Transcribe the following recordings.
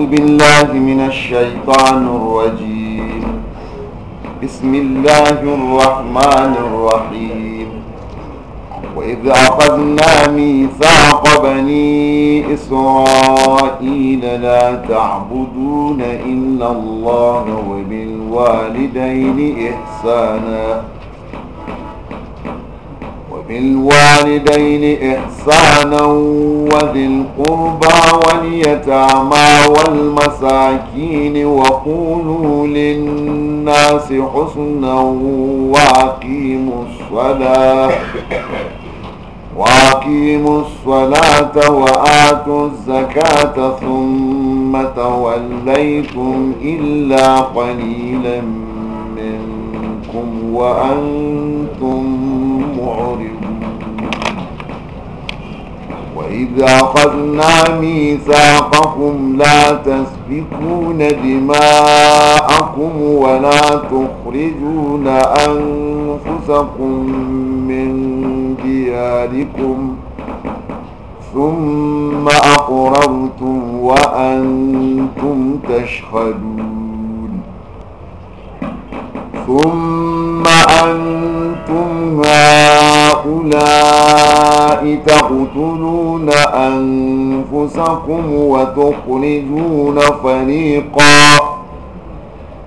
أعوذ بالله من الشيطان الرجيم بسم الله الرحمن الرحيم وإذ أخذنا ميثاق بني إسرائيل لا تعبدون إلا الله وبالوالدين إحساناً للوالدين إحسانا وذي القربى واليتامى والمساكين وقولوا للناس حسنا وأقيموا الصلاة وأقيموا الصلاة وآتوا الزكاة ثم توليتم إلا قليلا منكم وأنتم معرضون وإذا أخذنا ميثاقكم لا تسفكون دماءكم ولا تخرجون أنفسكم من دياركم ثم أقررتم وأنتم تشهدون ثم أنتم هؤلاء هؤلاء تقتلون أنفسكم وتخرجون فريقا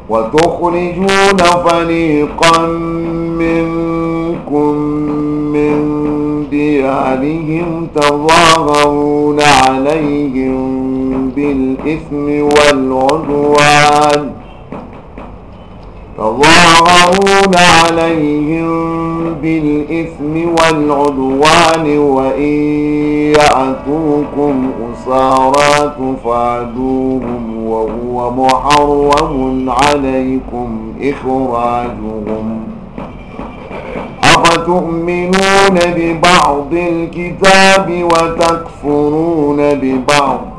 وتخرجون فريقا منكم من ديارهم تظاهرون عليهم بالإثم والعدوان تظاهرون عليهم بالإثم والعدوان وإن يأتوكم أسارى تفادوهم وهو محرم عليكم إخراجهم أفتؤمنون ببعض الكتاب وتكفرون ببعض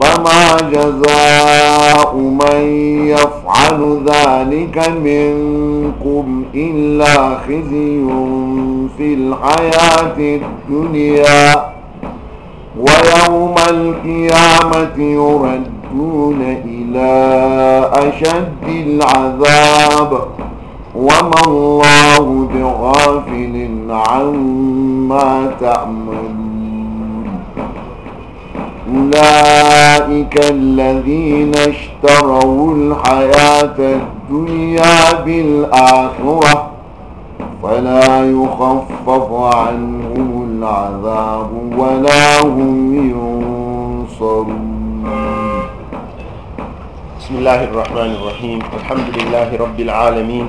فما جزاء من يفعل ذلك منكم إلا خزي في الحياة الدنيا ويوم القيامة يردون إلى أشد العذاب وما الله بغافل عما تعمل أولئك الذين اشتروا الحياة الدنيا بالآخرة فلا يخفف عنهم العذاب ولا هم ينصرون بسم الله الرحمن الرحيم الحمد لله رب العالمين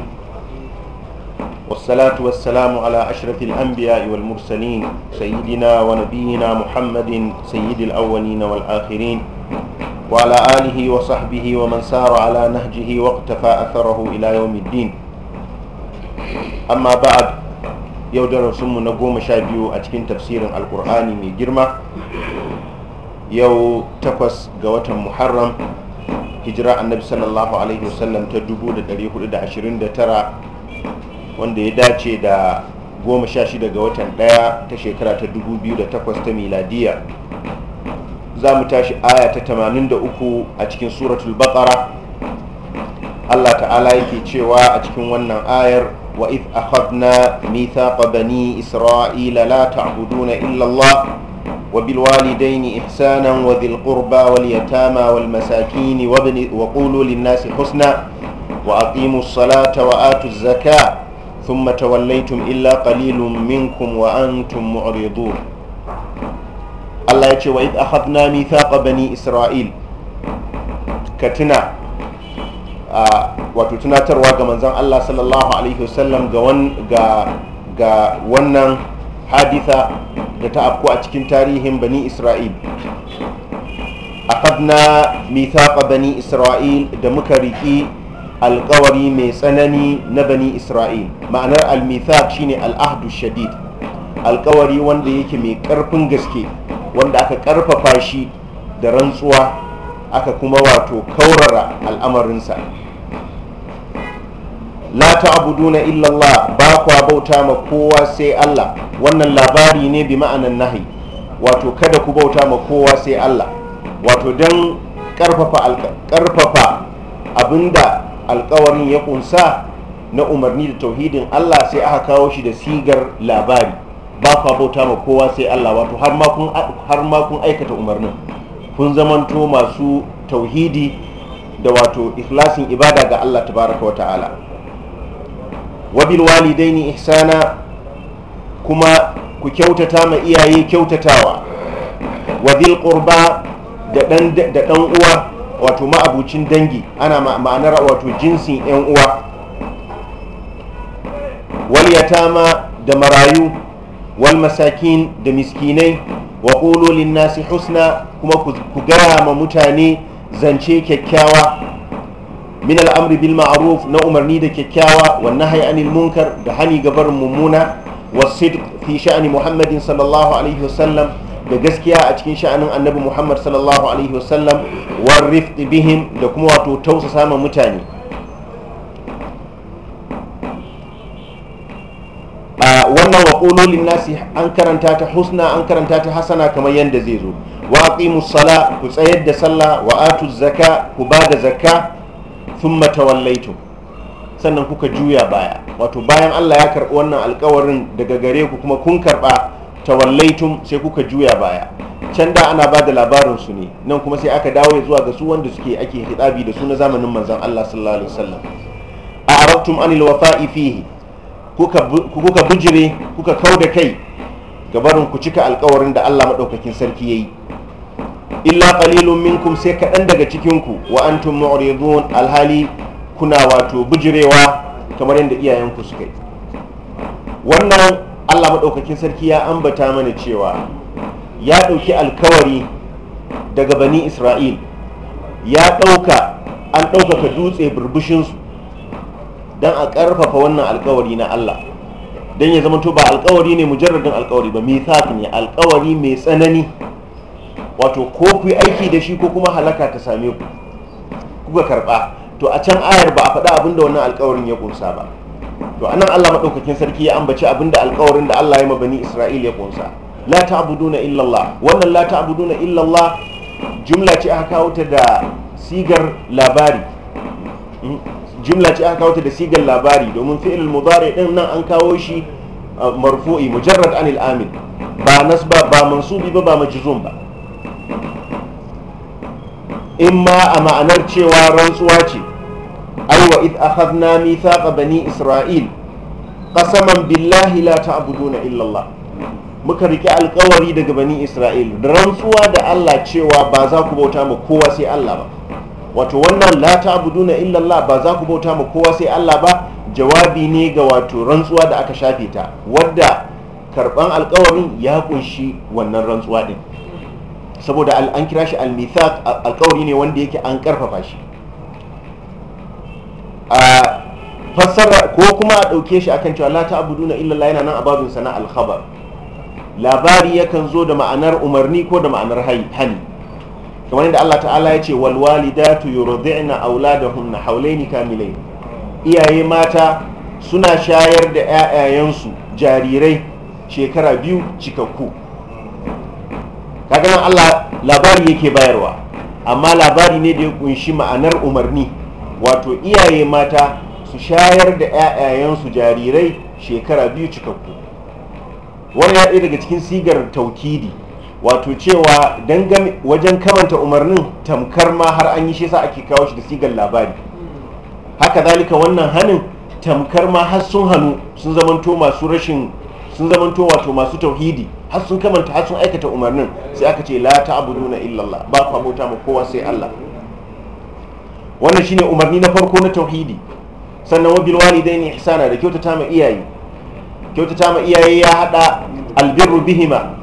والصلاة والسلام على أشرف الأنبياء والمرسلين سيدنا ونبينا محمد سيد الأولين والآخرين وعلى آله وصحبه ومن سار على نهجه واقتفى أثره إلى يوم الدين أما بعد يودر رسم نقوم شابيو أتكين تفسير القرآن من جرمة يو تقوس قوة محرم hijira annabi sallallahu alaihi wasallam ta 1429 wanda ya dace da goma sha shida ga watan daya ta shekara ta dubu biyu da takwas ta miladiya za mu tashi aya ta tamanin da uku a cikin suratul baƙara allah ta'ala yake cewa a cikin wannan ayar wa if akhadna mithaqa bani isra'ila la ta'buduna illa allah wa bil walidaini ihsanan wa dhil qurba wal yatama wal masakin wa qulu nasi husna wa aqimu as-salata wa atu az tun mata wannaitun illa kalilun minkun wa an tun mucaridu Allah ya ce wa yadda a haɗu ga manzan Allah sallallahu alaihi wa sallam ga wannan haditha da ta afku a cikin tarihin bani Isra'il a haɗu bani Isra'il da muka riƙe. alkawari mai tsanani na bani isra'il ma'anar almithaq shine al'ahdu shadid alkawari wanda yake mai ƙarfin gaske wanda aka karfafa shi da rantsuwa aka kuma wato kaurara al'amarinsa la ta'buduna illa Allah ba kwa bauta ma kowa sai Allah wannan labari ne bi ma'anan nahi wato kada ku bauta ma kowa sai Allah wato dan ƙarfafa karfafa abinda alkawarin ya kunsa na umarni da tauhidin Allah sai aka kawo shi da sigar labari ba kwa bauta ma kowa sai Allah wato har ma kun aikata umarnin kun zamanto masu tauhidi da wato ikhlasin ibada ga Allah tabaraka wa ta'ala wa bil walidaini ihsana kuma ku kyautata ma iyaye kyautatawa wa bil da dan uwa wato ma'abucin dangi ana ma'anar wato jinsin yan uwa wal yatama da marayu wal masakin da miskinai wa qulu nasi husna kuma ku gaya ma mutane zance kyakkyawa min al'amri bil ma'ruf na umarni da kyakkyawa wa nahyi anil munkar da hani gabar mummuna wa sidq fi sha'ani muhammadin sallallahu alaihi wasallam da gaskiya a cikin sha'anin annabi muhammad sallallahu alaihi wasallam bihim da kuma wato tausa samun mutane wannan waƙololin nasi an karanta ta husna an karanta ta hasana kamar yadda zai zo wa musala sala ku tsayar da sallah wa atu zaka ku ba da zaka sun tawallaitum sannan kuka juya baya wato bayan Allah ya karɓi wannan alkawarin daga gare ku kuma kun karɓa tawallaitum sai kuka juya baya can da ana ba da labarin su ne nan kuma sai aka dawo zuwa ga su wanda suke ake hidabi da su na zamanin manzan Allah sallallahu alaihi wasallam a arabtum anil wafa'i fihi kuka kau bujire kuka kauda kai gabarin ku cika alkawarin da Allah madaukakin sarki yayi illa qalilun minkum sai kaɗan daga cikin ku wa antum mu'ridun alhali kuna wato bujirewa kamar yadda iyayenku suka yi wannan Allah maɗaukakin sarki ya ambata mana cewa ya ɗauki alkawari daga bani isra'il ya ɗauka an ɗaukaka dutse burbushinsu don a ƙarfafa wannan alkawari na Allah don ya zama to ba alkawari ne mujarradin alkawari ba mithaq ne alkawari mai tsanani wato ko ku yi aiki da shi ko kuma halaka ta same ku kuka karɓa to a can ayar ba a faɗa abinda wannan alkawarin ya ƙunsa ba to anan Allah madaukakin sarki ya ambaci abinda alƙawarin da Allah ya ma bani Isra'il ya ƙunsa. la ta'buduna illa wannan la ta'buduna illa Allah jumla ce aka kawo ta da sigar labari hmm? jumla ce aka kawo ta da sigar labari domin fi'il mudari din nan an kawo shi uh, marfu'i mujarrad anil amil ba nasba ba mansubi ba ba majzum ba in ma a ma'anar cewa rantsuwa ce aiwa id akhadna mithaqa bani isra'il qasaman billahi la ta'buduna illa Allah muka rike alkawari daga bani isra'il da rantsuwa da Allah cewa ba za ku bauta ma kowa sai Allah ba wato wannan la ta'buduna illa Allah ba za ku bauta ma kowa sai Allah ba jawabi ne ga wato rantsuwa da aka shafe ta wadda karban alkawarin ya kunshi wannan rantsuwa din saboda an kira shi al-mithaq alkawari ne wanda yake an karfafa shi a fassara ko kuma a ɗauke shi akan cewa la ta'budu illa Allah yana nan a babin sana al labari yakan zo da ma'anar umarni ko da ma'anar hani kamar yadda Allah ta'ala ya ce wal walidatu yurdi'na auladahunna hawlaini kamilain iyaye mata suna shayar da 'ya'yayensu jarirai shekara biyu cikakku kaga Allah labari yake bayarwa amma labari ne da ya kunshi ma'anar umarni wato iyaye mata su shayar da 'ya'yayensu jarirai shekara biyu cikakku wani ya daga cikin sigar taukidi wato cewa dangane wajen karanta umarnin tamkar ma har an yi shi sa ake kawo shi da sigar labari haka zalika wannan hannun tamkar ma har sun hannu sun zamanto masu rashin sun zamanto wato masu tauhidi har sun kamanta har sun aikata umarnin sai aka ce la nuna illallah ba ku abota ma kowa sai Allah wannan shine umarni na farko na tauhidi sannan wabil walidaini ihsana da kyautata ma iyaye kyautata ma iyaye ya hada albirru bihima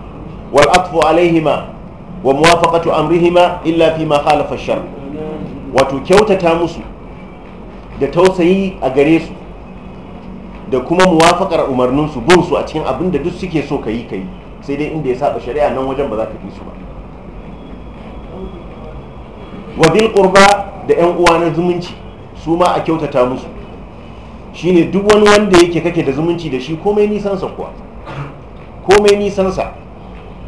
wal atfu alaihima wa muwafaqatu amrihima illa fi ma khalafa shar wato kyautata musu da tausayi a gare su da kuma muwafaqar umarnin su bin su a cikin abin da duk suke so kayi kayi sai dai inda ya saba shari'a nan wajen ba za ka fi su ba wa bil qurba da 'yan uwa na zumunci su ma a kyautata musu shi ne duk wani wanda yake kake da zumunci da shi komai nisansa kuwa komai nisansa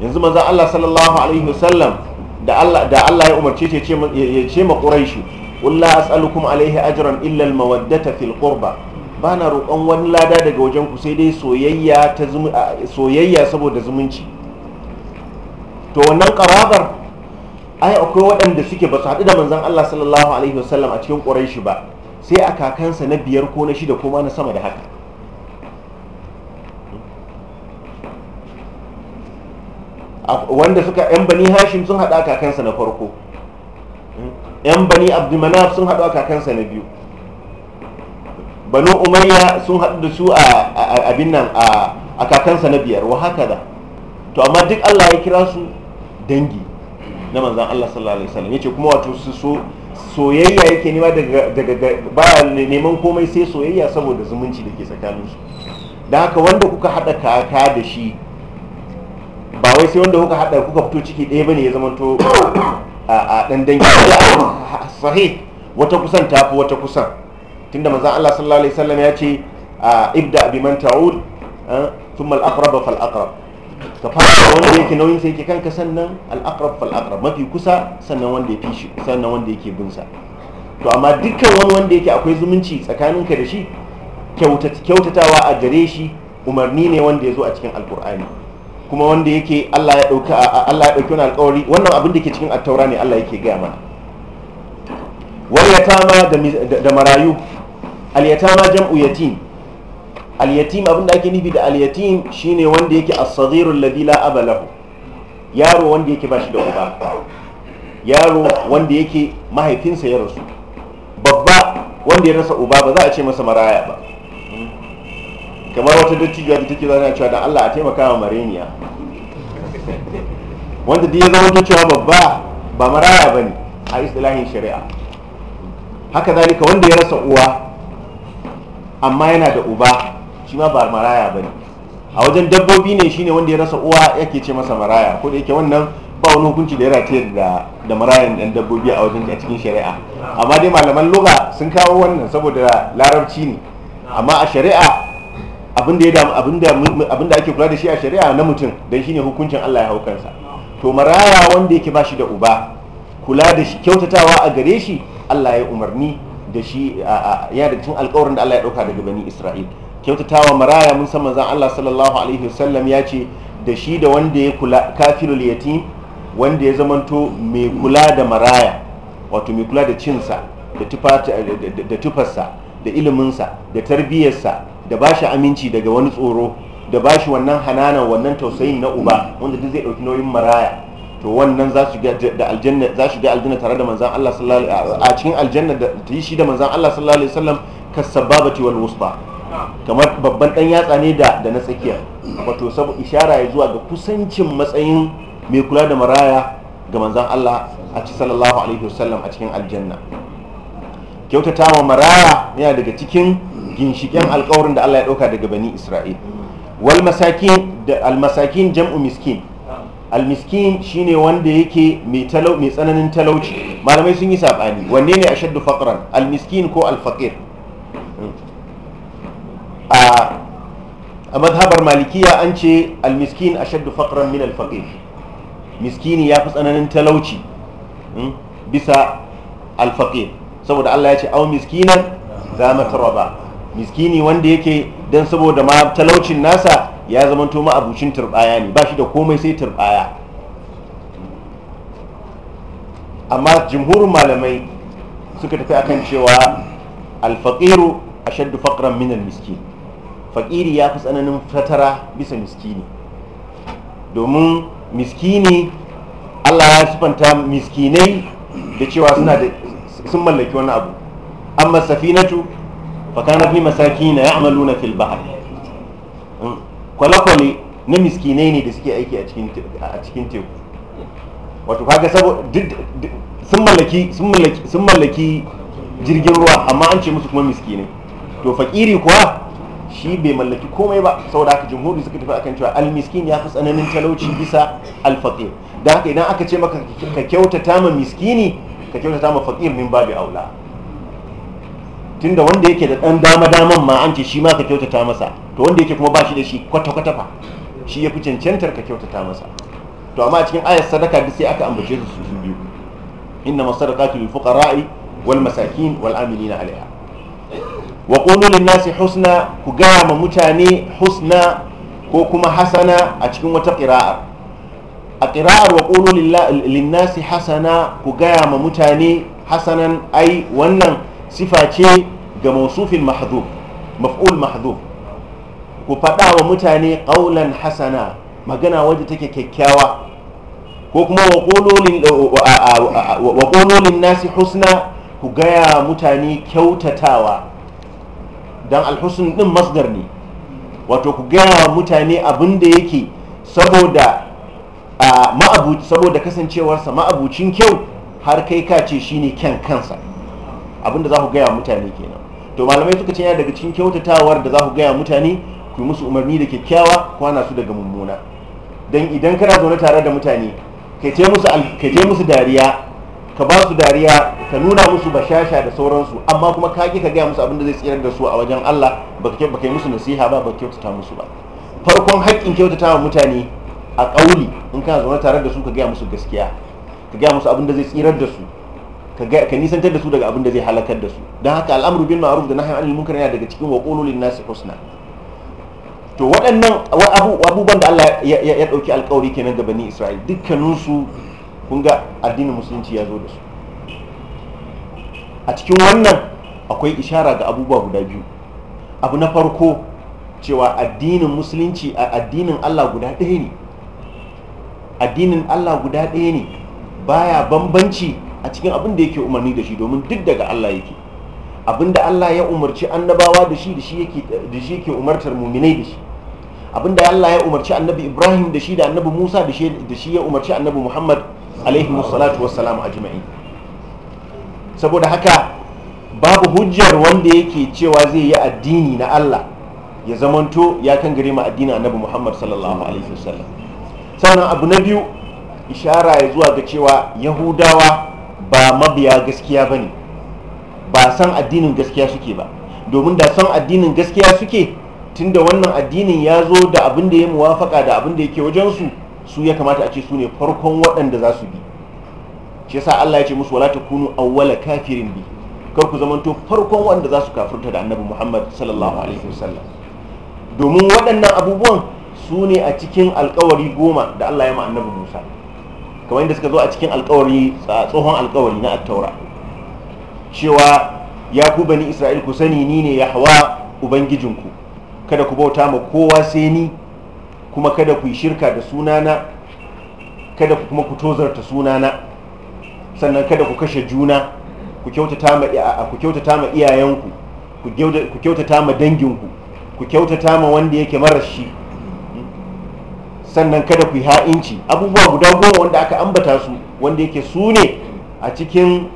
yanzu maza allah sallallahu alaihi wasallam da allah ya umarce ya ce ma ƙuraishi ƙulla kuma alaihi ajran illal mawaddata fil qurba ba na roƙon wani lada daga wajen ku sai dai soyayya saboda zumunci to wannan ƙarabar ai akwai waɗanda suke ba su haɗu da manzon Allah sallallahu alaihi wasallam a cikin ƙuraishi ba sai a kakansa na biyar ko na shida ko ma na sama da haka wanda suka yan bani hashim sun haɗu a kakansa na farko yan bani abdulmanaf sun haɗu a kakansa na biyu banu umayya sun haɗu da su a abin nan a kakansa na biyar wa haka da to amma duk allah ya kira su dangi na manzan Allah sallallahu alaihi wasallam yace kuma wato su soyayya yake nema daga daga ba neman komai sai soyayya saboda zumunci da ke tsakanin su da haka wanda kuka hada kaka da shi ba wai sai wanda kuka hada kuka fito ciki ɗaya bane ya zamanto a dan dangi sahih wata kusan ta tafi wata kusan tunda manzan Allah sallallahu alaihi wasallam ya ce ibda bi man ta'ud eh, thumma al-aqrab fal aqrab ka fara wanda yake nauyin sai yake kanka sannan al'akrab fal'akrab mafi kusa sannan wanda ya fi shi sannan wanda yake bin sa to amma dukkan wani wanda yake akwai zumunci tsakaninka da shi kyautatawa a gare shi umarni ne wanda ya zo a cikin alkur'ani kuma wanda yake Allah ya dauka Allah ya dauki wani alƙawari wannan abin da ke cikin attaura ne Allah yake gaya mana wal yatama da marayu al yatama jam'u yatim al-yatim abin da ake nufi da al shine wanda yake as-saghiru alladhi la yaro wanda yake bashi da uba yaro wanda yake mahaifinsa ya rasu babba wanda ya rasa uba ba za a ce masa maraya ba kamar wata dattijuwa da take zana cewa dan Allah a taimaka wa mareniya wanda da ya zama ta cewa babba ba maraya ba ne a istilahin shari'a haka zalika wanda ya rasa uwa amma yana da uba shi ma ba maraya ba ne a wajen dabbobi ne shine wanda ya rasa uwa yake ce masa maraya ko da yake wannan ba wani hukunci da ya race da da marayan dan dabbobi a wajen a cikin shari'a amma dai malaman lugha sun kawo wannan saboda larabci ne amma a shari'a abin da ake kula da shi a shari'a na mutum dan shine hukuncin Allah ya hau kansa to maraya wanda yake ba shi da uba kula da shi kyautatawa a gare shi Allah ya umarni da shi yana da cin alkawarin da Allah ya dauka daga bani Isra'il kyautatawa maraya mun san manzon Allah sallallahu alaihi wasallam ya ce da shi da wanda ya kula kafirul yatim wanda ya zamanto mai kula da maraya wato mai kula da cinsa da tufarsa da iliminsa da tarbiyyarsa da ba shi aminci daga wani tsoro da ba shi wannan hananan wannan tausayin na uba wanda duk zai dauki nauyin maraya to wannan za su ga aljanna za su ga aljanna tare da manzon Allah sallallahu alaihi a cikin aljanna da ta yi shi da manzon Allah sallallahu alaihi wasallam kasabbati wal wusta kamar babban dan yatsa ne da da na tsakiya wato sabu ishara ya zuwa ga kusancin matsayin mai kula da maraya ga manzon Allah a ci sallallahu alaihi wasallam a cikin aljanna kyautata wa maraya yana daga cikin ginshiken alkawarin da Allah ya dauka daga bani Isra'il wal masakin da al masakin jam'u miskin al miskin shine wanda yake mai talau mai tsananin talauci malamai sun yi sabani wanne ne ashaddu faqran al miskin ko al faqir a madhabar malikiya an ce almiskin a shaddu faƙran min alfaƙir miskini ya fi tsananin talauci hmm, bisa alfaƙir saboda allah ya ce au miskinan za matarwa miskini wanda yake don saboda ma talaucin nasa ya zamanto ma abucin turbaya ne ba shi da komai sai turbaya amma jimhurin malamai suka tafi akan cewa alfaƙiru a shaddu faƙran min almiskin faƙiri ya fi tsananin fatara bisa miskini domin miskini allah ya sifanta miskinai da cewa suna da sun mallaki wani abu amma safinatu fakana fi masaki na ya amalu na fil bahar hmm. kwale-kwale na miskinai ne da suke aiki a cikin teku wato kaga saboda sun mallaki jirgin ruwa amma an ce musu kuma miskinai to fakiri kuwa shi bai mallaki komai ba saboda haka jumhuri suka tafi akan cewa almiskin ya fi tsananin talauci bisa alfaqir dan haka idan aka ce maka ka kyautata ma miskini ka kyautata ma faqir min babu aula tunda wanda yake da dan dama daman ma an ce shi ma ka kyautata masa to wanda yake kuma ba shi da shi kwata kwata fa shi ya fi cancantar ka kyautata masa to amma a cikin ayat sadaka duk sai aka ambace su su biyu inna masadaqatu lil fuqara'i wal masakin wal amilina alaiha wa qulu nasi husna ku gaya ma mutane husna ko kuma hasana a cikin wata ƙira'ar a ƙira'ar wa qulu nasi hasana ku gaya ma mutane hasanan ai wannan sifa ce ga mausufin mahdhub maf'ul mahdhub ku faɗa wa mutane ƙaunan hasana magana wadda take kyakkyawa ko kuma wa qulu nasi husna ku gaya mutane kyautatawa don alhusun din masdar ne wato ku gaya wa mutane abin da yake saboda ma'abuci saboda kasancewarsa ma'abucin kyau har kai ka ce shine kyan kansa abin da za ku gaya wa mutane kenan to malamai suka ce yana daga cikin kyautatawar da za ku gaya wa mutane ku yi musu umarni da kyakkyawa kwana su daga mummuna don idan kana zaune tare da mutane kai ce musu dariya ka ba su dariya ka nuna musu bashasha da sauransu amma kuma ka ka gaya musu abin da zai tsirar da su a wajen Allah ba ka yi musu nasiha ba ba kyautata musu ba farkon haƙƙin kyautata wa mutane a ƙauli in kana zaune tare da su ka gaya musu gaskiya ka gaya musu abin da zai tsirar da su ka nisantar da su daga abin da zai halakar da su don haka al'amuru bin ma'ruf da nahyi anil munkar yana daga cikin wa qulul nasi husna to waɗannan abubuwan da Allah ya ɗauki alƙawari kenan ga bani Isra'il su kun ga addinin musulunci ya zo da su a cikin wannan akwai ishara ga abubuwa guda biyu abu na farko cewa addinin musulunci a addinin allah guda ɗaya ne addinin allah guda ɗaya ne baya bambanci a cikin abin da yake umarni da shi domin duk daga allah yake abin da allah ya umarci annabawa da shi da shi yake umartar muminai da shi abin da allah ya umarci annabi ibrahim da shi da annabi musa da shi ya umarci annabi muhammad alaihi salamu a ajma'in saboda haka babu hujjar wanda yake cewa zai yi addini na Allah ya zamanto ya kan gare mu addinin annabi Muhammad sallallahu alaihi wasallam sannan abu na biyu ishara ya zuwa ga cewa yahudawa ba mabiya gaskiya bane ba san addinin gaskiya suke ba domin da san addinin gaskiya suke tunda wannan addinin ya zo da abin da ya muwafaka da abin da yake wajensu su ya kamata a ce su ne farkon waɗanda za su bi shi yasa Allah ya ce musu wala takunu awwala kafirin bi kar ku to farkon wanda za su kafirta da annabi Muhammad sallallahu alaihi wasallam domin waɗannan abubuwan su ne a cikin alƙawari goma da Allah ya ma annabi Musa kamar yadda suka zo a cikin alkawari tsohon alƙawari na at attaura cewa ya ku bani Isra'il ku sani ni ne Yahwa ubangijinku kada ku bauta ma kowa sai ni kuma kada ku yi shirka da sunana kada ku kuma ku tozarta sunana sannan kada ku kashe juna ku kyautata ma iyayenku ku kyautata ma danginku ku kyautata ma wanda yake mara shi sannan kada ku yi ha'inci abubuwa guda goma wanda aka ambata su wanda yake su ne a cikin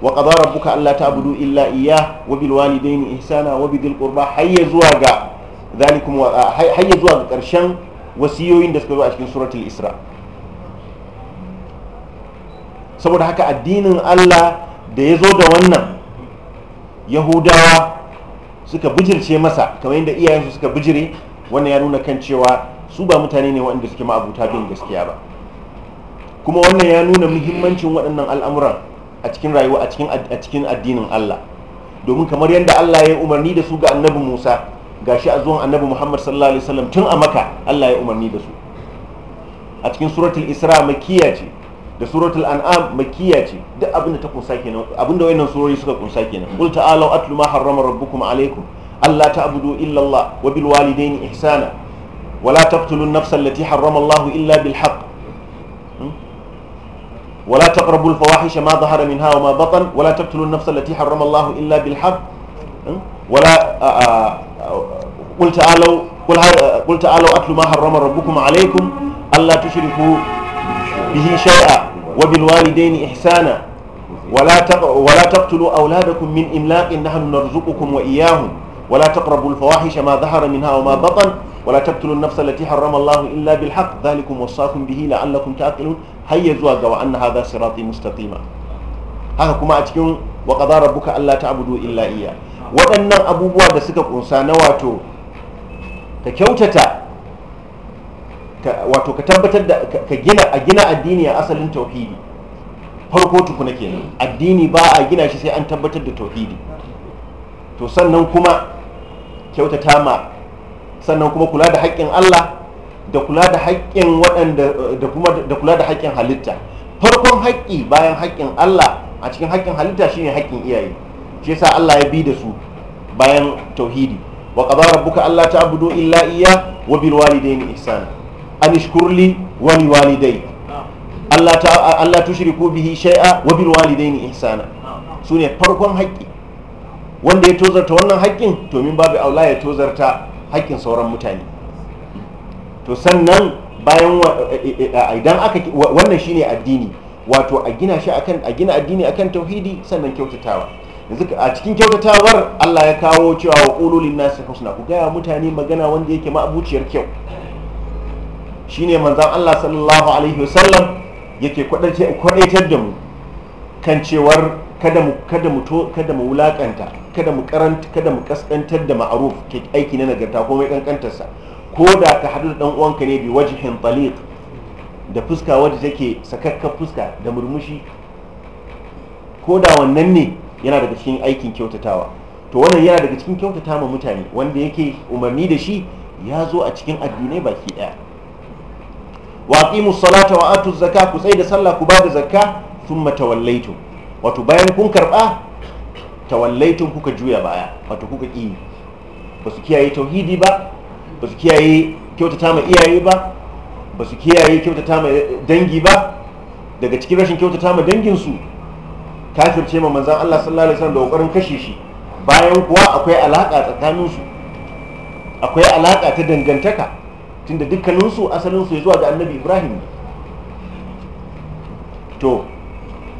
wa qadara rabbuka alla ta'budu illa iya wa bil walidayni ihsana wa bidil qurba hayya zuwa ga zalikum hayya zuwa ga karshen wasiyoyin da suka zo a cikin suratul isra' saboda haka addinin Allah da ya zo da wannan yahudawa suka bijirce masa kamar yadda iyayensu suka bijire wannan ya nuna kan cewa su ba mutane ne waɗanda suke ma'abuta bin gaskiya ba kuma wannan ya nuna muhimmancin waɗannan al'amuran a cikin rayuwa a cikin addinin Allah domin kamar yadda Allah ya umarni da su ga annabi Musa gashi a zuwan annabi Muhammad sallallahu alaihi wasallam tun a maka Allah ya umarni da su a cikin suratul Isra makiya ce da suratul an'am makkiya ce duk abinda ta kunsa kenan abinda wayannan surori suka kunsa kenan qul ta'alu atlu ma harrama rabbukum alaykum alla ta'budu illa Allah wa bil walidayni ihsana wa la taqtulun nafsa allati harrama Allah illa bil haqq ولا تقربوا الفواحش ما ظهر منها وما بطن ولا تقتلوا النفس التي حرم الله الا بالحق ولا قل تعالوا قل تعالوا اتلوا ما حرم ربكم عليكم الا تشركوا به شيئا وبالوالدين إحسانا ولا ولا تقتلوا أولادكم من إملاق نحن نرزقكم وإياهم ولا تقربوا الفواحش ما ظهر منها وما بطن ولا تقتلوا النفس التي حرم الله إلا بالحق ذلكم وصاكم به لعلكم تعقلون هيا زواج وأن هذا صراطي مستقيما haka kuma a cikin wa qadara rabbuka alla ta'budu illa iya waɗannan abubuwa da suka kunsa na wato ka kyautata wato ka tabbatar da ka gina a gina addini a asalin tauhidi farko tukuna kenan addini ba a gina shi sai an tabbatar da tauhidi to sannan kuma kyautata ma sannan kuma kula da haƙƙin Allah da kula da haƙƙin waɗanda da kuma da kula da haƙƙin halitta farkon haƙƙi bayan haƙƙin Allah a cikin haƙƙin halitta shine haƙƙin iyaye shi yasa Allah ya bi da su bayan tauhidi wa qadara rabbuka alla ta'budu illa iyyah wa bil walidayni ihsana an shkurli wa li walidai Allah ta Allah tushriku bihi shay'a wa bil walidaini ihsana sune farkon haƙƙi wanda ya tozarta wannan haƙƙin to min babu aula ya tozarta haƙƙin sauran mutane to sannan bayan eh, eh, eh, idan aka wannan shine addini wato a gina shi akan a gina addini akan tauhidi sannan kyautatawa yanzu a cikin kyautatawar Allah ya kawo cewa wa qulu nasi husna ku ga mutane magana wanda yake ma'abuciyar kyau shine manzan Allah sallallahu alaihi wasallam yake kwadaitar da mu kan cewar kada mu kada kada mu wulakanta kada karanta kada mu kaskantar da ma'aruf ke aiki na nagarta ko mai kankantar ko da ka hadu da dan uwanka ne bi wajhin taliq da fuska wadda take sakakkar fuska da murmushi ko da wannan ne yana daga cikin aikin kyautatawa to wannan yana daga cikin kyautata ma mutane wanda yake umarni da shi ya zo a cikin addinai baki ɗaya. Waƙimu salata wa atu zakka ku tsai da sallah ku bada zakka thumma tawallaitum wato bayan kun karba tawallaitum kuka juya baya wato kuka ki ba su kiyaye tauhidi ba ba su kiyaye kyautata ma iyaye ba ba su kiyaye kyautata ma dangi ba daga cikin rashin kyautata ma dangin su kafirce ma manzon Allah sallallahu alaihi wasallam da kokarin kashe shi bayan kuwa akwai alaka tsakanin su akwai alaka ta dangantaka tunda dukkaninsu asalinsu ya zuwa ga annabi ibrahim to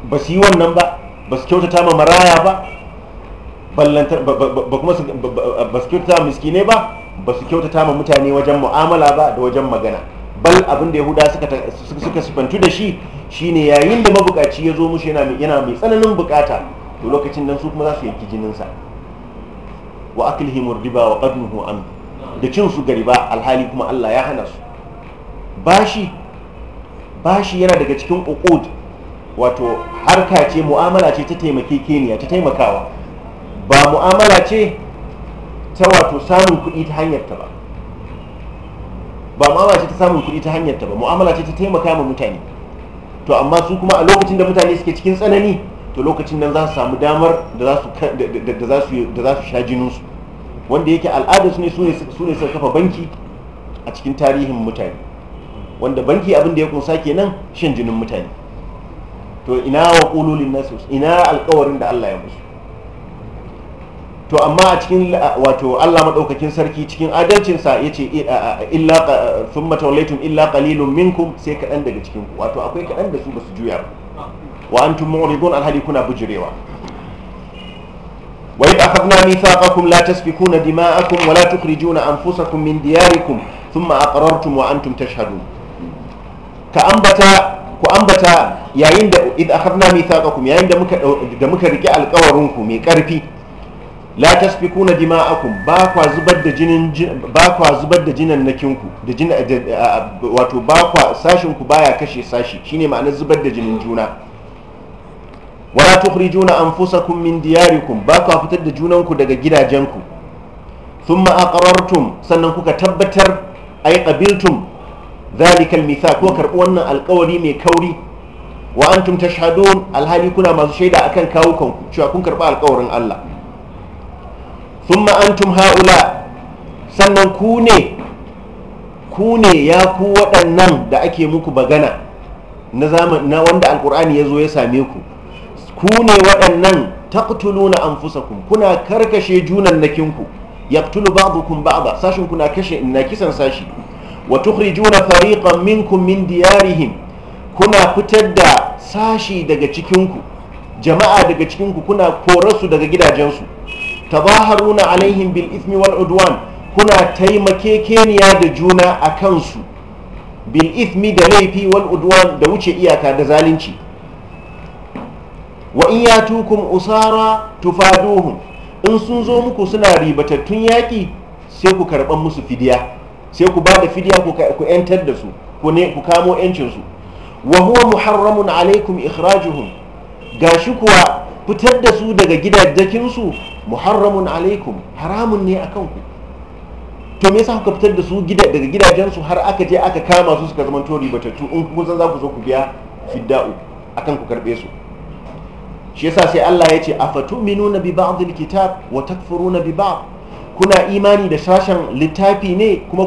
ba su yi wannan ba ba su kyautata ma maraya ba ba su kyautata ma miskine ba ba su kyautata ma mutane wajen mu'amala ba da wajen magana bal abin da yahuda suka sifantu da shi shine yayin da mabukaci ya zo mushi yana mai tsananin bukata to lokacin nan su kuma za su yanki jininsa wa akilhimur riba wa ƙadnuhu da cin su gari ba alhali kuma Allah ya hana su bashi bashi yana daga cikin uqud wato harka ce mu'amala ce ta taimakekeniya ta taimakawa ba mu'amala ce ta wato samun kuɗi ta hanyar ta ba ba mu'amala ce ta samun kuɗi ta hanyar ta ba mu'amala ce ta taimaka mutane to amma su kuma a lokacin da mutane suke cikin tsanani to lokacin nan za su samu damar da za su sha jininsu wanda yake su ne su ne suka kafa banki a cikin tarihin mutane wanda banki abin da ya kunsa kenan shan jinin mutane to ina wa ƙulolin nasu ina alkawarin da allah ya musu to amma a cikin wato allah maɗaukakin sarki cikin adalcinsa ya ce sun mataulaitun illa ƙalilun minkum sai kaɗan daga cikin wato akwai kaɗan da su ba su juya ba wa an tun mu'ridun alhali kuna bujirewa wa أخذنا ميثاقكم لا la دماءكم ولا تخرجون أنفسكم من دياركم min أقررتم وأنتم تشهدون كأنبتا ku ambata yayin da idh akhadna mithaqakum yayin da muka da muka rike alƙawarin ku mai ƙarfi la tasfikuna dima'akum ba kwa zubar da jinin ba zubar da jinan da ba baya kashe sashi shine ma'anar zubar da jinin juna wala tukhrijuna anfusakum min diyarikum ba ku fitar da junanku daga gidajenku thumma aqarartum sannan kuka tabbatar ay qabiltum dhalika almithaq ko karbu wannan alƙawari mai kauri wa antum tashhadun alhali kuna masu shaida akan kawukanku cewa kun karba alƙawarin Allah thumma antum haula sannan ku ne ku ne ya ku waɗannan da ake muku bagana na wanda alƙur'ani ya zo ya same ku ku ne waɗannan taqtuluna ku. kuna karkashe junan nakinku yaqtulu ba'dukum ba sashin kuna kashe na kisan sashi wa juna fariƙan minku min diyarihim kuna fitar da sashi daga cikinku jama'a daga cikinku kuna korarsu daga gidajensu tabaharuna alaihim bil ismi wal udwan kuna taimakekeniya da juna a kansu bil ismi da laifi wal udwan da wuce iyaka da zalunci wa in tukun usara duhun in sun zo muku suna ribatattun yaƙi sai ku karɓar musu fidiya sai ku ba da fidiya ku yantar da su ku ne ku kamo yancinsu wa huwa muharramun alaikum ikhrajuhum gashi kuwa fitar da su daga gidajjakinsu muharramun alaikum haramun ne a kanku to me yasa kuka fitar da su daga gidajensu har aka je aka kama su suka zama tori in kun san za ku zo ku biya fidda'u akan ku karɓe su shi yasa sai Allah ya ce a fatuminuna bi ba'dil kitab wa na bi ba'd kuna imani da sashen littafi ne kuma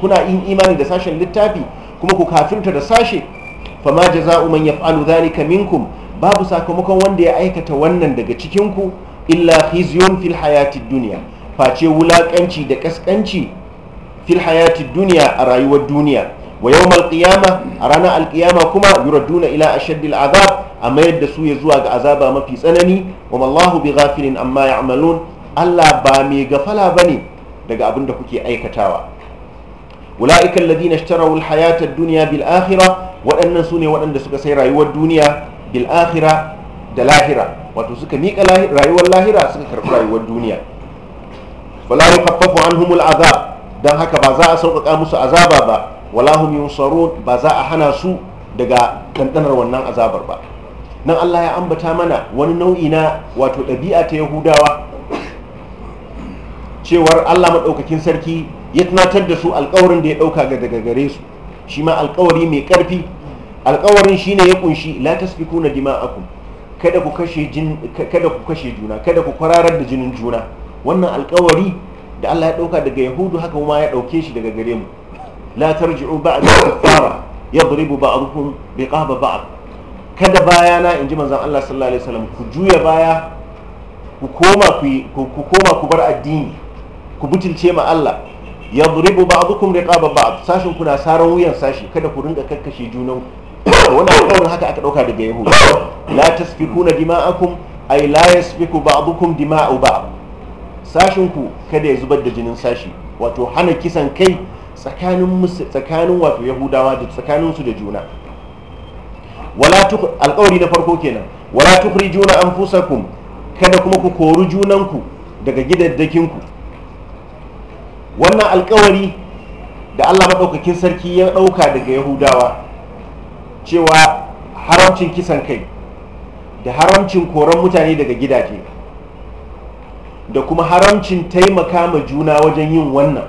kuna imani da sashen littafi kuma ku kafirta da sashe fama jaza'u man yaf'alu dhalika minkum babu sakamakon wanda ya aikata wannan daga cikin ku illa khizyun fil hayatid dunya face wulakanci da kaskanci fil hayatid dunya a rayuwar duniya wa yawmal qiyamah a ranar alqiyama kuma yuraduna ila ashaddil azab a mayar da su ya zuwa ga azaba mafi tsanani wa mallahu bi ghafilin amma ya'malun Allah ba mai gafala bane daga abin da kuke aikatawa ulaika alladhina ishtaraw alhayata ad-dunya bil akhirah waɗannan sune waɗanda suka sai rayuwar duniya bil da lahira wato suka mika rayuwar lahira suka karɓi rayuwar duniya fala yukhaffafu humul azab dan haka ba za a sauƙaƙa musu azaba ba wala hum yunsarun ba za a hana su daga ɗanɗanar wannan azabar ba nan Allah ya ambata mana wani nau'i na wato ɗabi'a ta yahudawa cewar Allah maɗaukakin sarki ya tunatar da su alƙawarin da ya ɗauka ga daga gare su shi ma alƙawari mai ƙarfi Alƙawarin shi ne ya ƙunshi. la tasfikuna dima'akum kada ku kashe kada ku kashe juna kada ku kwararar da jinin juna wannan alƙawari da Allah ya ɗauka daga yahudu haka kuma ya ɗauke shi daga gare mu la tarji'u ba'da kuffara yadribu ba'dukum biqaba ba'd kada bayana in ji manzan Allah sallallahu alaihi wasallam ku juya baya ku koma ku koma ku bar addini ku butulce ma Allah ya duribu ba'dukum riqaba ba'd sashin kuna saran wuyan sashi kada ku rinka kakkashe junan wani alƙawarin haka aka ɗauka daga yahudu la tasfikuna dima'akum ay la yasfiku ba'dukum dima'u ba'd sashin ku kada ya zubar da jinin sashi wato hana kisan kai tsakanin tsakanin wato yahudawa da tsakanin su da juna wala alƙawari na farko kenan wala juna an anfusakum kada kuma ku kori junanku daga gidaddakin ku wannan alƙawari da Allah madaukakin sarki ya ɗauka daga Yahudawa cewa haramcin kisan kai da haramcin koran mutane daga gidaje da kuma haramcin taimaka ma juna wajen yin wannan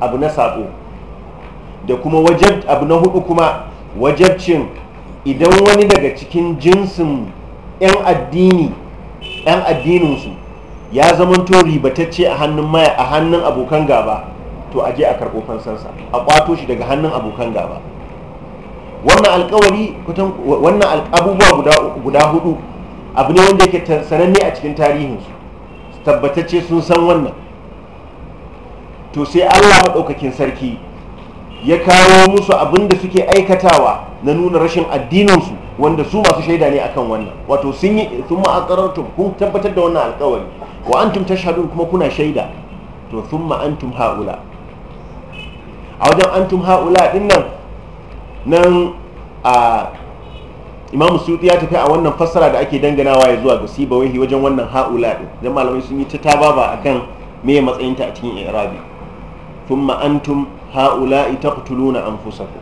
abu na sako da kuma abu na hudu kuma wajabcin idan wani daga cikin jinsin 'yan addini 'yan addininsu ya zamanto ribatacce a hannun maya a hannun abokan gaba to a je a karɓo fansansa a ƙwato shi daga hannun abokan gaba wannan abubuwa guda hudu abu ne wanda yake sananne a cikin tarihinsu tabbatacce sun san wannan to sai allah maɗaukakin sarki ya kawo musu abin da suke aikatawa na nuna rashin addininsu wanda su masu shaida ne akan wannan wato sun yi sun ma'akarartum kun tabbatar da wannan alkawari wa antum tashhadun kuma kuna shaida to thumma antum haula a wajen antum haula din nan nan a imamu suyuti ya tafi a wannan fassara da ake danganawa ya zuwa ga sibawaihi wajen wannan haula din dan malamai sun yi ta tababa akan me matsayinta a cikin irabi thumma antum ha'ula'i taqtuluna anfusakum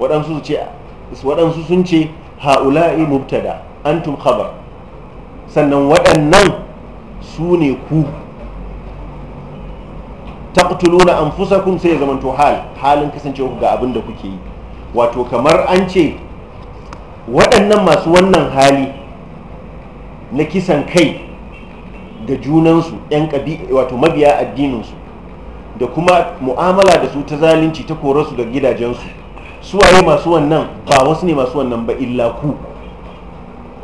waɗansu ce waɗansu sun ce ha'ula'i mubtada antum khabar sannan waɗannan su ne ku taqtuluna anfusakum sai ya zamanto hal halin kasance ga abin da kuke yi wato kamar an ce waɗannan masu wannan hali na kisan kai ga junansu 'yan wato mabiya addininsu da kuma mu'amala da su ta zalunci ta su da gidajensu su waye masu wannan ba wasu ne masu wannan ba illa ku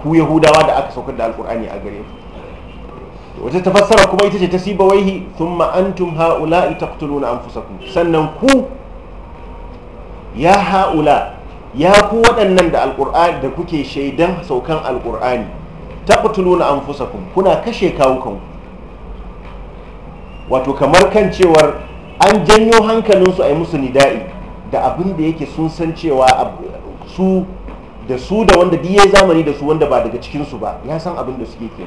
ku yahudawa da aka saukar da alkur'ani a gare ku wata tafassara kuma ita ce ta siba waihi thumma antum haula'i taqtuluna anfusakum sannan ku ya haula ya ku waɗannan da alkur'ani da kuke shaidan saukan alkur'ani taqtuluna anfusakum kuna kashe kawukanku wato kamar kan cewar an janyo hankalinsu a yi musu nida'i da abin da yake sun san cewa su da su da wanda duk zamani da su wanda ba daga cikinsu ba ya san abin da suke ke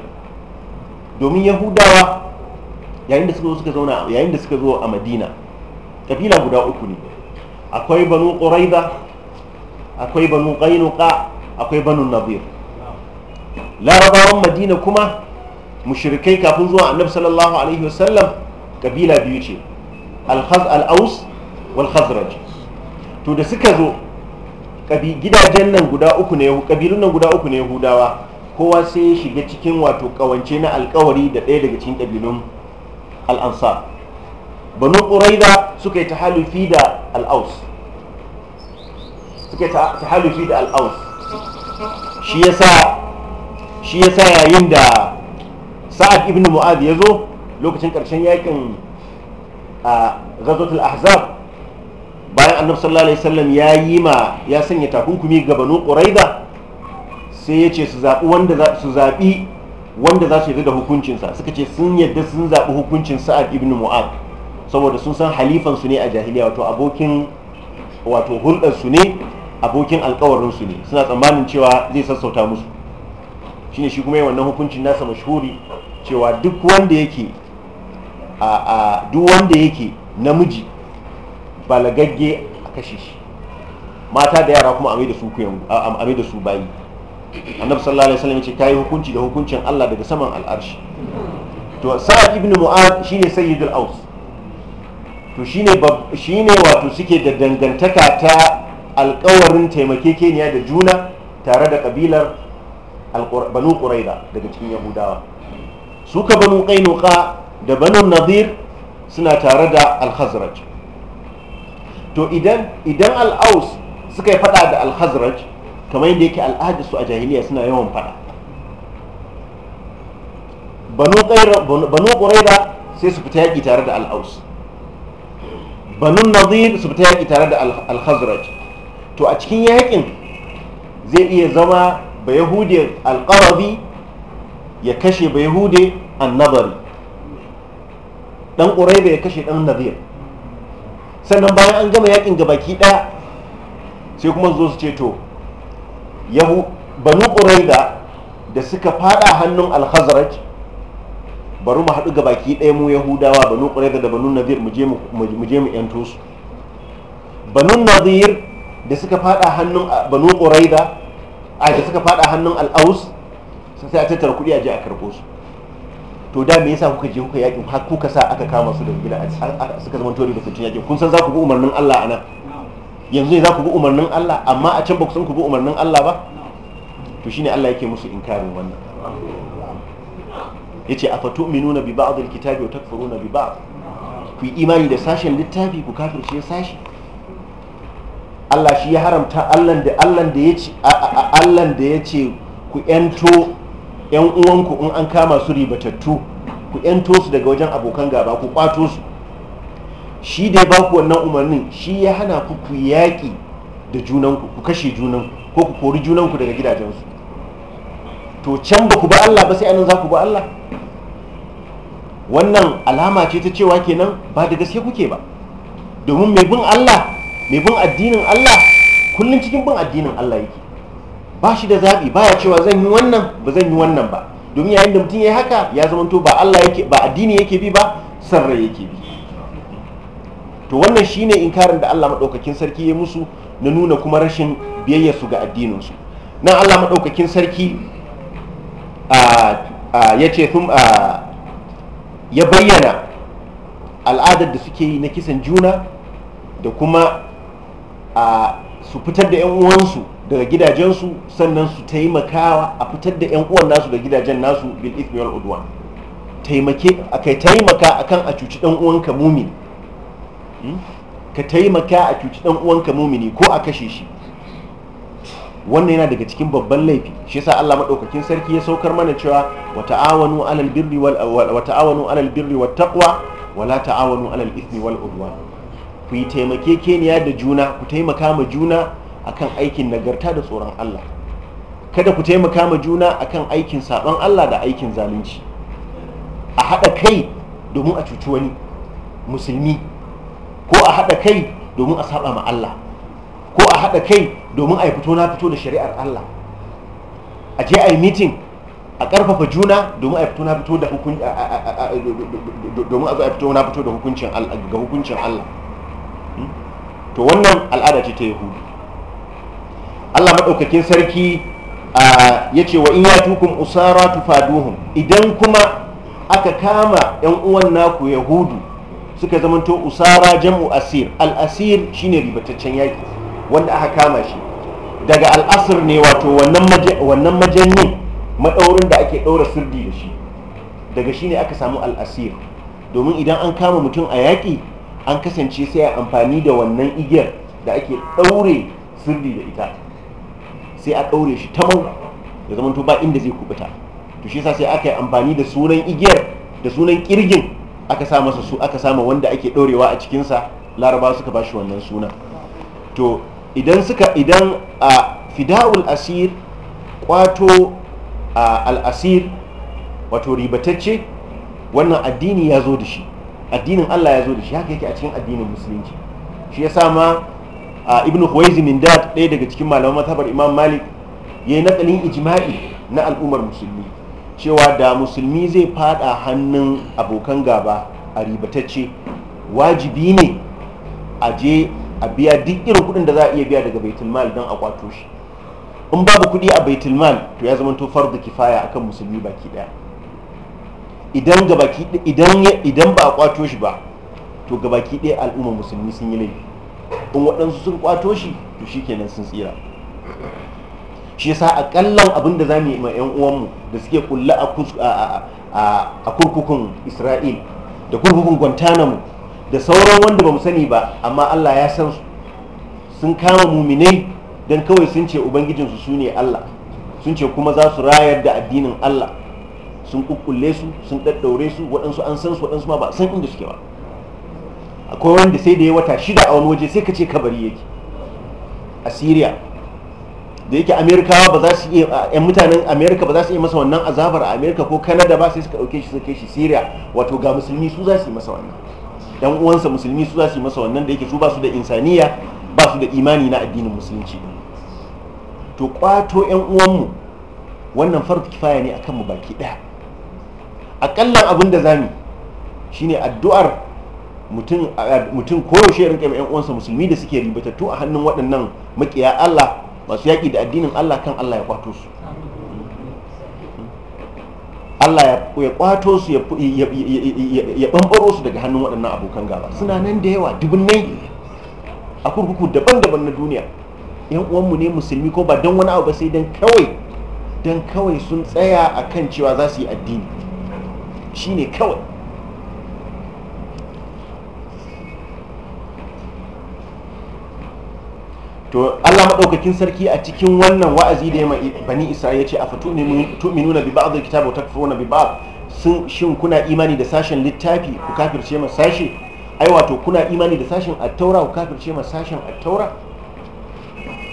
domin yahudawa yayin da suka zo suka zauna yayin da suka zo a madina kabila guda uku ne akwai banu quraiza akwai banu qainuqa akwai banu nabir larabawan madina kuma mushrikai kafin zuwa annabi sallallahu alaihi wasallam kabila biyu ce al-aus wal khazraj to da suka zo gidajen nan guda uku ne kabilun nan guda uku ne yahudawa kowa sai ya shiga cikin wato kawance na alkawari da ɗaya daga cikin kabilun al'ansar banu da suka yi tahalufi da al'aus suka yi tahalufi da al'aus shi yasa shi yayin da sa'ad ibn mu'ad ya zo lokacin ƙarshen yakin a ghazwatul ahzab bayan annabi sallallahu alaihi wasallam ya yi ma ya sanya takunkumi ga banu quraida sai ya ce su zaɓi wanda su zabi wanda za su yarda da hukuncinsa suka ce sun yarda sun zabi hukuncin sa'ad ibnu mu'ad saboda sun san halifan su ne a jahiliya wato abokin wato hulɗar su ne abokin alkawarin su ne suna tsammanin cewa zai sassauta musu shine shi kuma yi wannan hukuncin nasa mashhuri cewa duk wanda yake a duk wanda yake namiji balagagge a kashe shi mata da yara kuma amai da su amai da su bayi annabi sallallahu alaihi wasallam ce kai hukunci da hukuncin Allah daga saman al'arshi to sa'ad ibn mu'ad shine sayyidul aus to shine shine wato suke da dangantaka ta alƙawarin taimakekeniya da juna tare da kabilar banu quraida daga cikin yahudawa suka banu qainuqa da banu nadir suna tare da al-khazraj to idan idan al-aus suka yi fada da al-khazraj kamar yadda yake al'adar su a jahiliya suna yawan fada banu quraida sai su fita yaki tare da al-aus banu nadir su fita yaki tare da al-khazraj to a cikin yaƙin zai iya zama ba yahudiyar al-qarabi ya kashe ba yahudiyar annabari dan ƙuraiba ya kashe dan nazir sannan bayan an gama yakin gabaki ɗaya sai kuma zo su ce to yahu banu ƙuraiba da suka fada hannun alhazaraj bari mu haɗu gabaki ɗaya mu yahudawa banu ƙuraiba da banu nazir mu je mu yanto su banu nazir da suka fada hannun banu ƙuraiba a da suka fada hannun al'aus sai a tattara kuɗi a je a karɓo su to da me yasa kuka je kuka yaki har kuka sa aka kama su da gina a suka zama tori da fitun yakin kun san za ku bi umarnin Allah anan yanzu ne za ku bi umarnin Allah amma a can ba ku san ku bi umarnin Allah ba to shine Allah yake musu inkarin wannan yace afatu'minuna bi ba'd alkitabi wa takfuruna bi ba'd ku imani da sashen littafi ku kafirce sashi Allah shi ya haramta Allah da Allah da yace Allah da yace ku ƴanto. yan uwanku in an kama su ribatattu ku yanto su daga wajen abokan gaba ku kwato su shi da ya ba ku wannan umarnin shi ya hana ku ku yaƙi da junanku ku kashe junanku ko ku kori junanku daga gidajensu to can ba ku ba Allah ba sai anan za ku ba Allah wannan alama ce ta cewa kenan ba da gaske kuke ba domin mai bin Allah mai bin addinin Allah kullum cikin bin addinin Allah yake ba shi da zaɓi ba ya cewa zan yi wannan ba zan yi wannan ba domin yayin da mutum ya yi haka ya zama to ba Allah yake ba addini yake bi ba sarrai yake bi to wannan shine inkarin da Allah madaukakin sarki ya musu na nuna kuma rashin biyayya su ga addinin su nan Allah madaukakin sarki ya ce ya bayyana al'adar da suke yi na kisan juna da kuma su fitar da 'yan uwansu daga gidajensu sannan su taimakawa a fitar da 'yan uwan nasu da gidajen nasu bil ithmi wal udwan taimake kai taimaka akan a cuci dan ka mumini hmm? ka taimaka a cuci dan ka mumini ko a kashe shi wannan yana daga cikin babban laifi shi yasa Allah madaukakin sarki ya saukar mana cewa wa ta'awanu alal birri wal wa ta'awanu alal birri wat taqwa wa la ta'awanu alal ithmi wal udwan ku yi keniya da juna ku taimaka ma juna akan aikin nagarta da tsoron Allah kada ku taimaka ma juna akan aikin sabon Allah da aikin zalunci a haɗa kai domin a cuci wani musulmi ko a haɗa kai domin a saɓa ma Allah ko a haɗa kai domin a yi fito na fito da shari'ar Allah a je a yi mitin a ƙarfafa juna domin a fito na fito da domin a zo a fito na fito da hukuncin Allah hmm? to wannan al'ada ce ta Yahudu Allah maɗaukakin sarki ya ce wa in ya tukun usara tufaduhun idan kuma aka kama 'yan uwan naku yahudu suka zamanto usara jam'u asir al'asir shine ribataccen yaki wanda aka kama shi daga al'asir ne wato wannan majanyin maɗaurin da ake ɗaura sirdi da shi daga shi ne aka samu al'asir domin idan an kama mutum a yaƙi an kasance sai a amfani da wannan igiyar da ake ɗaure sirdi da ita sai a ɗaure shi ta ya zama to ba inda zai kubuta to shi yasa sai aka yi amfani da sunan igiyar da sunan kirgin aka sa masa su aka sama wanda ake ɗorewa a cikinsa laraba suka ba shi wannan suna to idan suka idan a fida'ul asir kwato al'asir wato ribatacce wannan addini ya zo da shi addinin allah ya zo da shi haka yake a cikin addinin musulunci shi ya sa ma a ibn huwaizi min dat ɗaya daga cikin malaman mazhabar imam malik ya yi nakalin ijma'i na al'ummar musulmi cewa da musulmi zai fada hannun abokan gaba a ribatacce wajibi ne a je a biya duk irin kudin da za a iya biya daga baitul mal don a kwato shi in babu kudi a baitul mal to ya zama fardu kifaya akan musulmi baki daya idan ba a kwato shi ba to gabaki baki daya al'ummar musulmi sun yi laifi in waɗansu sun kwato shi to shi kenan sun tsira shi yasa ƙallon abin da za mu yi ma 'yan uwanmu da suke kulla a kurkukun isra'il da kurkukun guantanamo da sauran wanda ba mu sani ba amma allah ya san su sun kama muminai don kawai sun ce ubangijinsu su ne allah sun ce kuma za su rayar da addinin allah sun kukkulle su sun ɗaɗɗaure su waɗansu an san su waɗansu ma ba san inda suke ba akwai wanda sai da ya wata shida a wani waje sai ka ce kabari yake a syria da yake amerikawa ba za su iya yan mutanen amerika ba za su iya masa wannan azabar a amerika ko canada ba sai suka dauke shi suka shi syria wato ga musulmi su za su yi masa wannan dan uwansa musulmi su za su yi masa wannan da yake su ba su da insaniya ba su da imani na addinin musulunci to kwato yan uwanmu wannan farko kifaya ne akan mu baki daya akallan abin da zamu shine addu'ar mutum koyaushe rinka yan uwansa musulmi da suke ribatattu a hannun waɗannan makiya Allah masu yaƙi da addinin Allah kan Allah ya kwato su Allah ya kwato su ya ɓanɓaro su daga hannun waɗannan abokan gaba suna nan da yawa nan a kurkuku daban-daban na duniya yan uwanmu ne musulmi ko ba don wani abu ba sai don kawai don kawai sun tsaya a kan cewa za su yi addini shi ne kawai to Allah madaukakin sarki a cikin wannan wa'azi da ya bani ya yace a fatu'minuna bi ba'd al-kitabi wa takfuruna bi ba'd sun shin kuna imani da sashen littafi ku kafirce ma sashi ai wato kuna imani da sashen at-taura ku kafirce ma sashen at-taura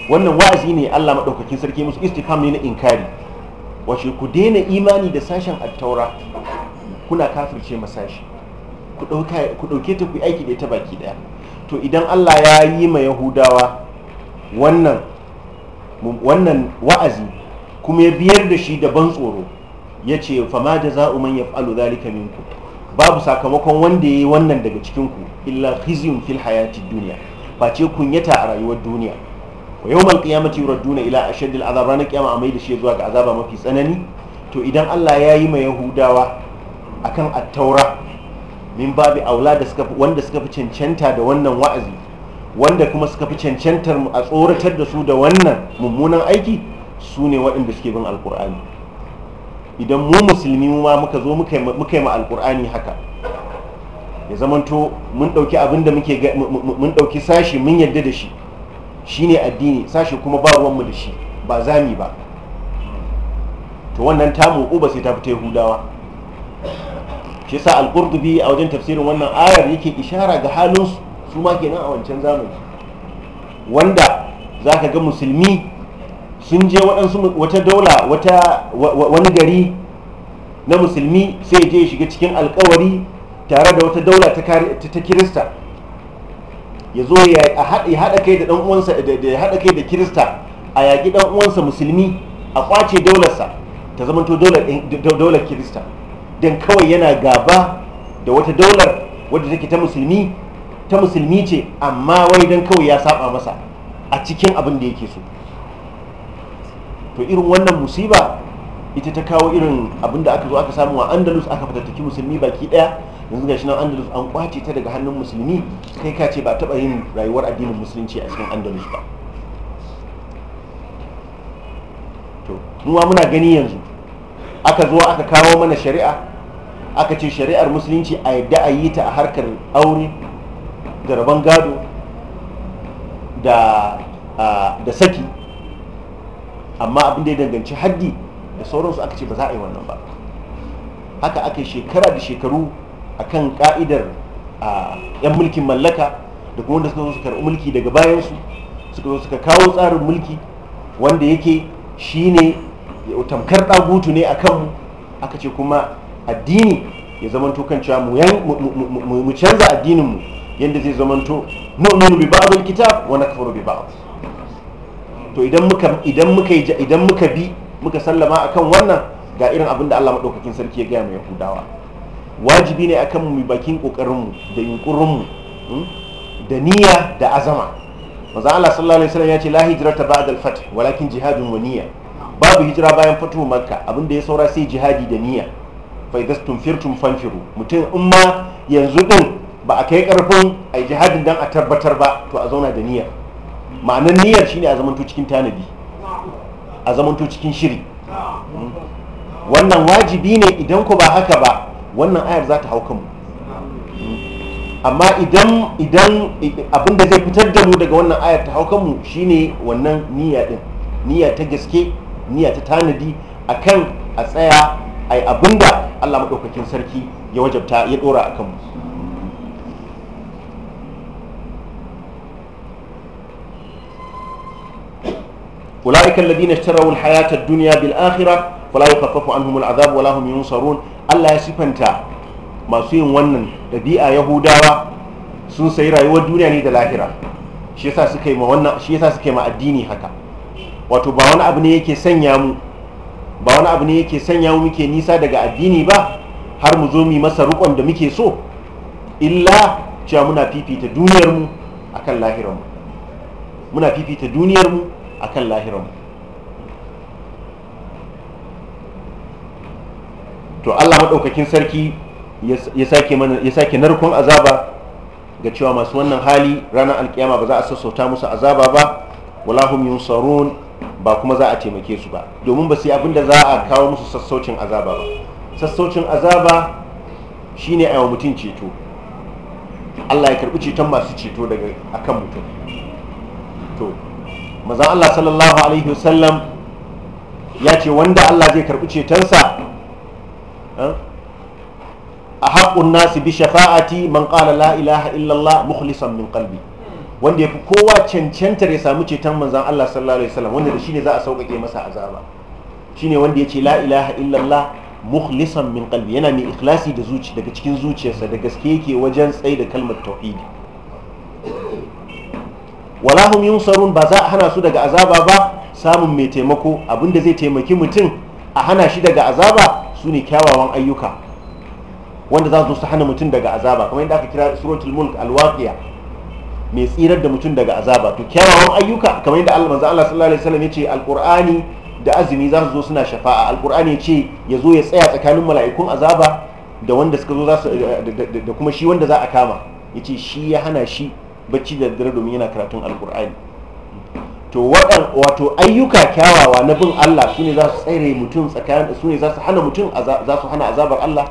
wannan wa'azi ne Allah madaukakin sarki musu istifham ne na inkari wace ku daina imani da sashen at-taura kuna kafirce ma sashi ku dauke ta ku aiki da ta baki daya to idan Allah ya yi ma Yahudawa wannan wa'azi kuma ya biyar da shi da ban tsoro ya ce fama da za'u man ya fa'alu zalika minku babu sakamakon wanda ya yi wannan daga cikinku illa khizyun fil hayati duniya face kunyata a rayuwar duniya wa yau mal qiyamati duna ila ashaddil azab ranar kiyama a mai da shi zuwa ga azaba mafi tsanani to idan Allah ya yi ma yahudawa akan attaura min babi aula wanda suka fi cancanta da wannan wa'azi wanda kuma suka fi cancantar a tsoratar da su da wannan mummunan aiki su ne waɗanda suke bin alkur'ani idan mu musulmi ma muka zo muka yi ma alkur'ani haka ya zamanto mun ɗauki abin da muke mun ɗauki sashi mun yadda da shi shi ne addini sashi kuma ba ruwanmu da shi ba zami ba to wannan tamu uba sai ta fita yahudawa shi yasa al a wajen tafsirin wannan ayar yake ishara ga halinsu su ma kenan a wancan zamani wanda za ka ga musulmi sun je waɗansu wata daula wani gari na musulmi sai je shiga cikin alkawari tare da wata daula ta kirista ya zo ya haɗa kai da uwansa da ya haɗa kai da kirista a yaƙi ɗan uwansa musulmi a ƙwace daularsa ta zamanto daular kirista don kawai yana gaba da wata daular wadda take ta musulmi ta musulmi ce amma wai don kawai ya saba masa a cikin abin da yake so to irin wannan musiba ita ta kawo irin abin da aka zo aka samu a andalus aka fatattaki musulmi baki daya yanzu ga shi nan andalus an kwace ta daga hannun musulmi kai ka ce ba taba yin rayuwar addinin musulunci a cikin andalus ba to muwa muna gani yanzu aka zo aka kawo mana shari'a aka ce shari'ar musulunci a yadda a yi ta a harkar aure da rabon gado da saki amma abin da ya danganci haddi da sauransu aka ce ba za a yi wannan ba haka aka yi shekara da shekaru a kan ka'idar yan mulkin mallaka da kuma wanda suka zo su karɓi mulki daga bayansu suka zo suka kawo tsarin mulki wanda yake ne tamkar ɗagutu ne a kanmu aka ce kuma addini ya zama kan mu canza addininmu yadda zai zamanto mu'minu bi ba'dil kitab wa nakfuru bi ba'd to idan muka idan muka idan muka bi muka sallama akan wannan ga irin abin da Allah madaukakin sarki ya gaya mu Yahudawa wajibi ne akan mu bakin kokarin mu da yunkurin mu hmm, da niyya da azama manzo Allah sallallahu alaihi wasallam ya ce la hijrata ba'da fath walakin jihadun wa niyya babu hijira bayan fatuhu makka abin da ya saura sai jihadi da niyya fa idastum firtum fanfiru mutum in ma yanzu din ba a kai karfin a yi jihadin don a tabbatar ba to a zauna da niyyar ma'anar niyyar shine a zamanto cikin tanadi a zamanto cikin shiri hmm. wannan wajibi ne idan ku ba haka ba wannan ayar za ta hau kanmu hmm. amma idan idan abin da zai fitar da mu daga wannan ayar ta hau kanmu shine wannan niyya din niyya ta gaske niyya ta tanadi akan a tsaya ai abinda Allah maɗaukakin sarki ya wajabta ya ɗora a kanmu ulaika alladhina ishtaraw alhayata ad-dunya bil akhirah fala yukhaffafu anhum al'adhab wala hum yunsarun Allah ya sifanta masu yin wannan dabi'a yahudawa sun sayi rayuwar duniya ne da lahira shi yasa suka yi ma addini haka wato ba wani abu ne yake sanya mu ba wani abu ne yake sanya mu muke nisa daga addini ba har mu zo mu masa rukon da muke so illa cewa muna fifita duniyarmu akan lahirarmu muna fifita duniyarmu a akan lahiranmu to Allah maɗaukakin sarki ya sake narkon azaba ga cewa masu wannan hali ranar alkiyama ba za a sassauta musu azaba ba walahum yunsarun ba kuma za a taimake su ba domin ba su yi abin da za a kawo musu sassaucin azaba ba sassaucin azaba shine a mutum ceto Allah ya karɓi ceton masu ceto daga akan mutum to manzon Allah sallallahu alaihi wasallam ya ce wanda Allah zai karɓi cetonsa eh, a haƙƙun nasu bi shafa'ati man ƙala la ilaha illallah mukhlisan min qalbi wanda yafi kowa cancantar ya samu ceton manzan Allah sallallahu alaihi wasallam wanda da ne za a sauƙaƙe masa azaba ne wanda ya la ilaha illallah mukhlisan min qalbi yana mai ikhlasi da zuci daga cikin zuciyarsa da gaske yake wajen tsaye da kalmar tauhidi wala hum yunsarun ba za a hana su daga azaba ba samun mai taimako abinda zai taimaki mutum a hana shi daga azaba su ne kyawawan ayyuka wanda za su hana mutum daga azaba kamar yadda aka kira suratul mulk alwaqiya mai tsirar da mutum daga azaba to kyawawan ayyuka kamar yadda Allah manzo Allah sallallahu alaihi wasallam yace alqur'ani da azumi za su zo suna shafa'a alqur'ani yace ya zo ya tsaya tsakanin mala'ikun azaba da wanda suka zo za su da kuma shi wanda za a kama yace shi ya hana shi bacci da daddare domin yana karatun alkur'ani to waɗan wato ayyuka kyawawa na bin Allah su ne za su tsere mutum tsakanin su ne za su hana mutum za su hana azabar Allah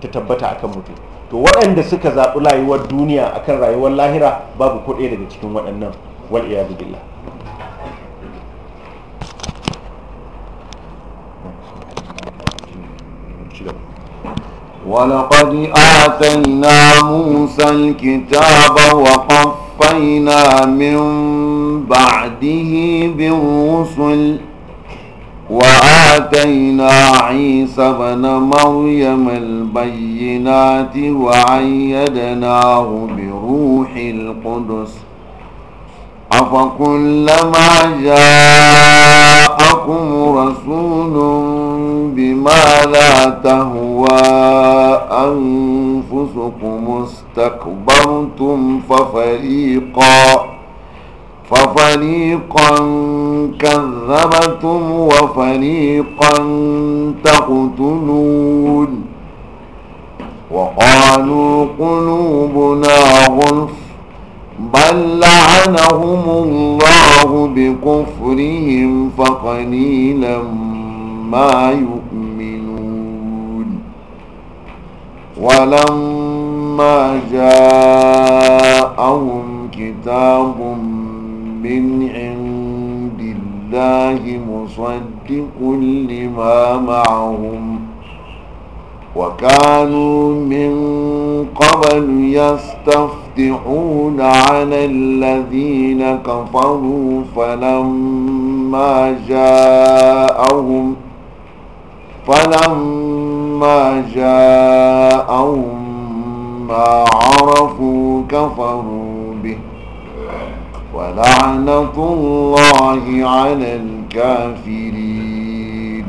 ta tabbata akan mutum to waɗanda suka zaɓi rayuwar duniya akan rayuwar lahira babu ko ɗaya daga cikin waɗannan wal iyadu billah ولقد آتينا موسى الكتاب وقفينا من بعده بالرسل وآتينا عيسى بن مريم البينات وعيدناه بروح القدس أفكلما جاءكم رسول بما لا تهوى أنفسكم استكبرتم ففريقا ففريقا كذبتم وفريقا تقتلون وقالوا قلوبنا غلف بل لعنهم الله بكفرهم فقليلا ما يؤمنون ولما جاءهم كتاب من عند الله مصدق لما معهم وكانوا من قبل يستفتحون على الذين كفروا فلما جاءهم فلما جاءهم ما عرفوا كفروا به ولعنة الله على الكافرين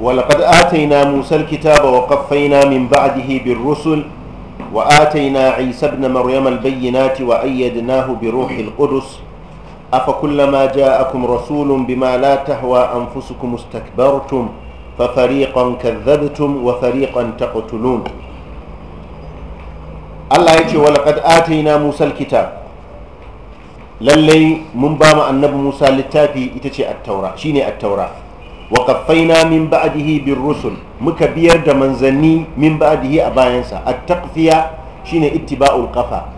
ولقد آتينا موسى الكتاب وقفينا من بعده بالرسل وآتينا عيسى ابن مريم البينات وأيدناه بروح القدس أفكلما جاءكم رسول بما لا تهوى أنفسكم استكبرتم ففريقا كذبتم وفريقا تقتلون الله يجي ولقد آتينا موسى الكتاب lallai mun ba annabi Musa littafi ita ce at-taura shine at-taura wa qaffaina min ba'dihi bir rusul muka biyar da manzanni min a bayansa at shine ittiba'ul qafa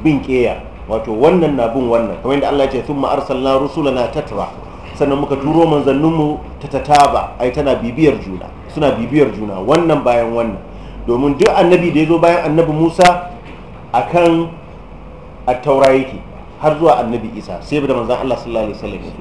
bin keya wato wannan na bin wannan kamar yadda Allah ya ce thumma arsalna rusulana tatra sannan muka turo manzanninmu ta tataba ai tana bibiyar juna suna bibiyar juna wannan bayan wannan domin duk annabi da ya zo bayan annabi Musa akan attaura yake har zuwa annabi Isa sai da manzon Allah sallallahu alaihi wasallam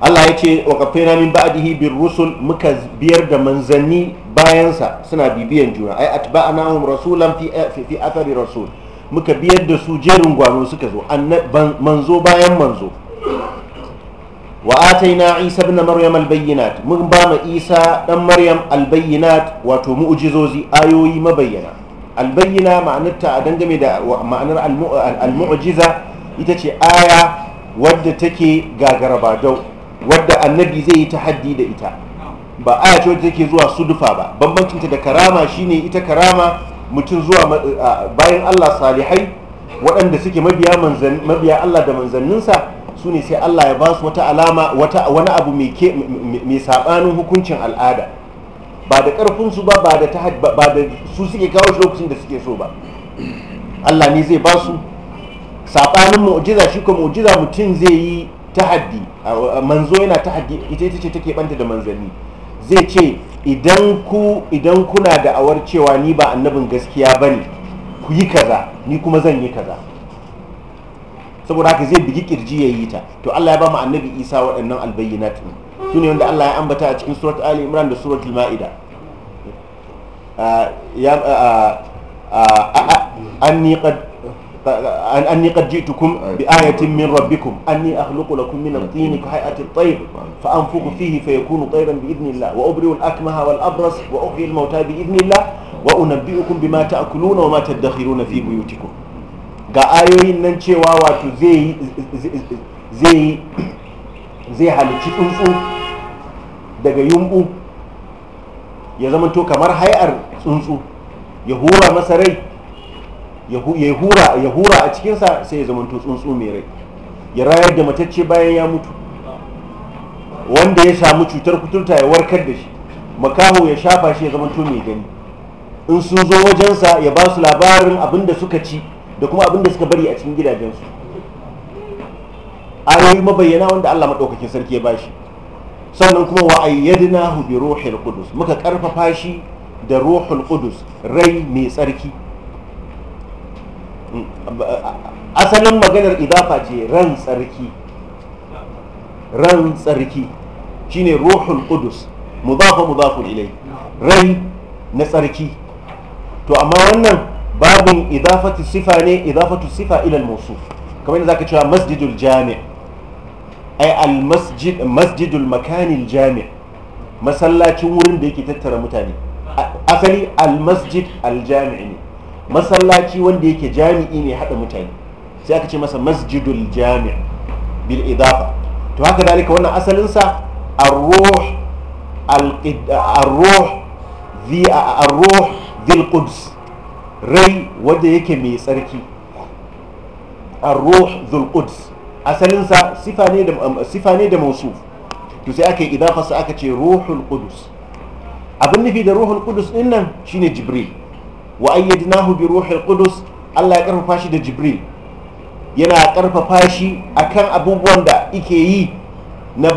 Allah ya ce wa kafaina min ba'dihi bir rusul muka biyar da manzanni bayansa suna bibiyan juna ai atba'nahum rasulan fi fi athari rasul muka biyar da su jerin gwano suka zo manzo bayan manzo wa ataina isa maryam albayyinat mun ba ma isa dan maryam albayyinat wato mu'jizozi ayoyi mabayyana albayyina ma'anarta a dangane da ma'anar almu'jiza ita ce aya wadda take dau. wadda annabi zai yi tahaddi da ita ba aya ce wadda take zuwa sudufa ba bambancinta da karama shine ita karama mutum zuwa bayan Allah salihai waɗanda suke mabiya Allah da manzanninsa su ne sai Allah ya ba su wata alama wani abu mai saɓanin hukuncin al'ada ba da ƙarfinsu ba ba da su suke kawo shi lokacin da suke so ba Allah ne zai ba su saɓanin mu'jiza shi ko ma'ujiza mutum zai yi tahaddi manzo yana tahaddi ita ita ce take ɓanta da manzanni zai ce idan ku idan kuna da awar cewa ni ba annabin gaskiya ba ne ku yi kaza ni kuma zan yi kaza saboda haka zai bigi kirji ya yi ta to Allah ya ba mu annabi Isa waɗannan albayyinat ne su ne wanda Allah ya ambata a cikin surat Ali Imran da surat Al-Ma'ida anni qad أني قد جئتكم بآية من ربكم أني أخلق لكم من الطين كهيئة الطير فأنفق فيه فيكون طيرا بإذن الله وأبرئ الأكمه والأبرص وأحيي الموتى بإذن الله وأنبئكم بما تأكلون وما تدخرون في بيوتكم ga ayoyin nan cewa wato زي زي zai halicci tsuntsu دقا يمبو يزمن توكا مرحي أر tsuntsu يهورا hura ya hura a cikinsa sai ya zamanto tsuntsu mai rai ya rayar da matacce bayan ya mutu wanda ya samu cutar kuturta ya warkar da shi makaho ya shafa shi ya zamanto mai gani in sun zo wajensa ya ba su labarin abin da suka ci da kuma abin da suka bari a cikin gidajensu a ayoyi mabayyana wanda allah maɗaukakin sarki ya bashi sannan kuma wa ayyadna hu bi ruhul qudus muka karfafa shi da ruhul qudus rai mai tsarki asalin maganar idafa ce ran tsarki ran tsarki shine ruhul kudus mudafa mudafun ilai rai na tsarki to amma wannan babin idafatu sifa ne idafatu sifa ilal al kamar yadda zaka cewa masjidul jami' ay al masjidul makanin jami masallacin wurin da yake tattara mutane asali al-masjid al-jami' ne masallaci wanda yake jami'i ne hada mutane sai aka ce masa masjidul jami'a bil idafa to haka dalika wannan asalinsa arruh arruh quds rai wanda yake mai tsarki arruh zil quds asalinsa sifa ne da sifa ne da mausuf to sai aka yi idafa sai aka ce ruhul quds abin nufi da ruhul quds din nan shine jibril wa ayyadnahu bi ruhil qudus Allah ya karfafa shi da Jibril yana karfafa shi akan abubuwan da yake yi na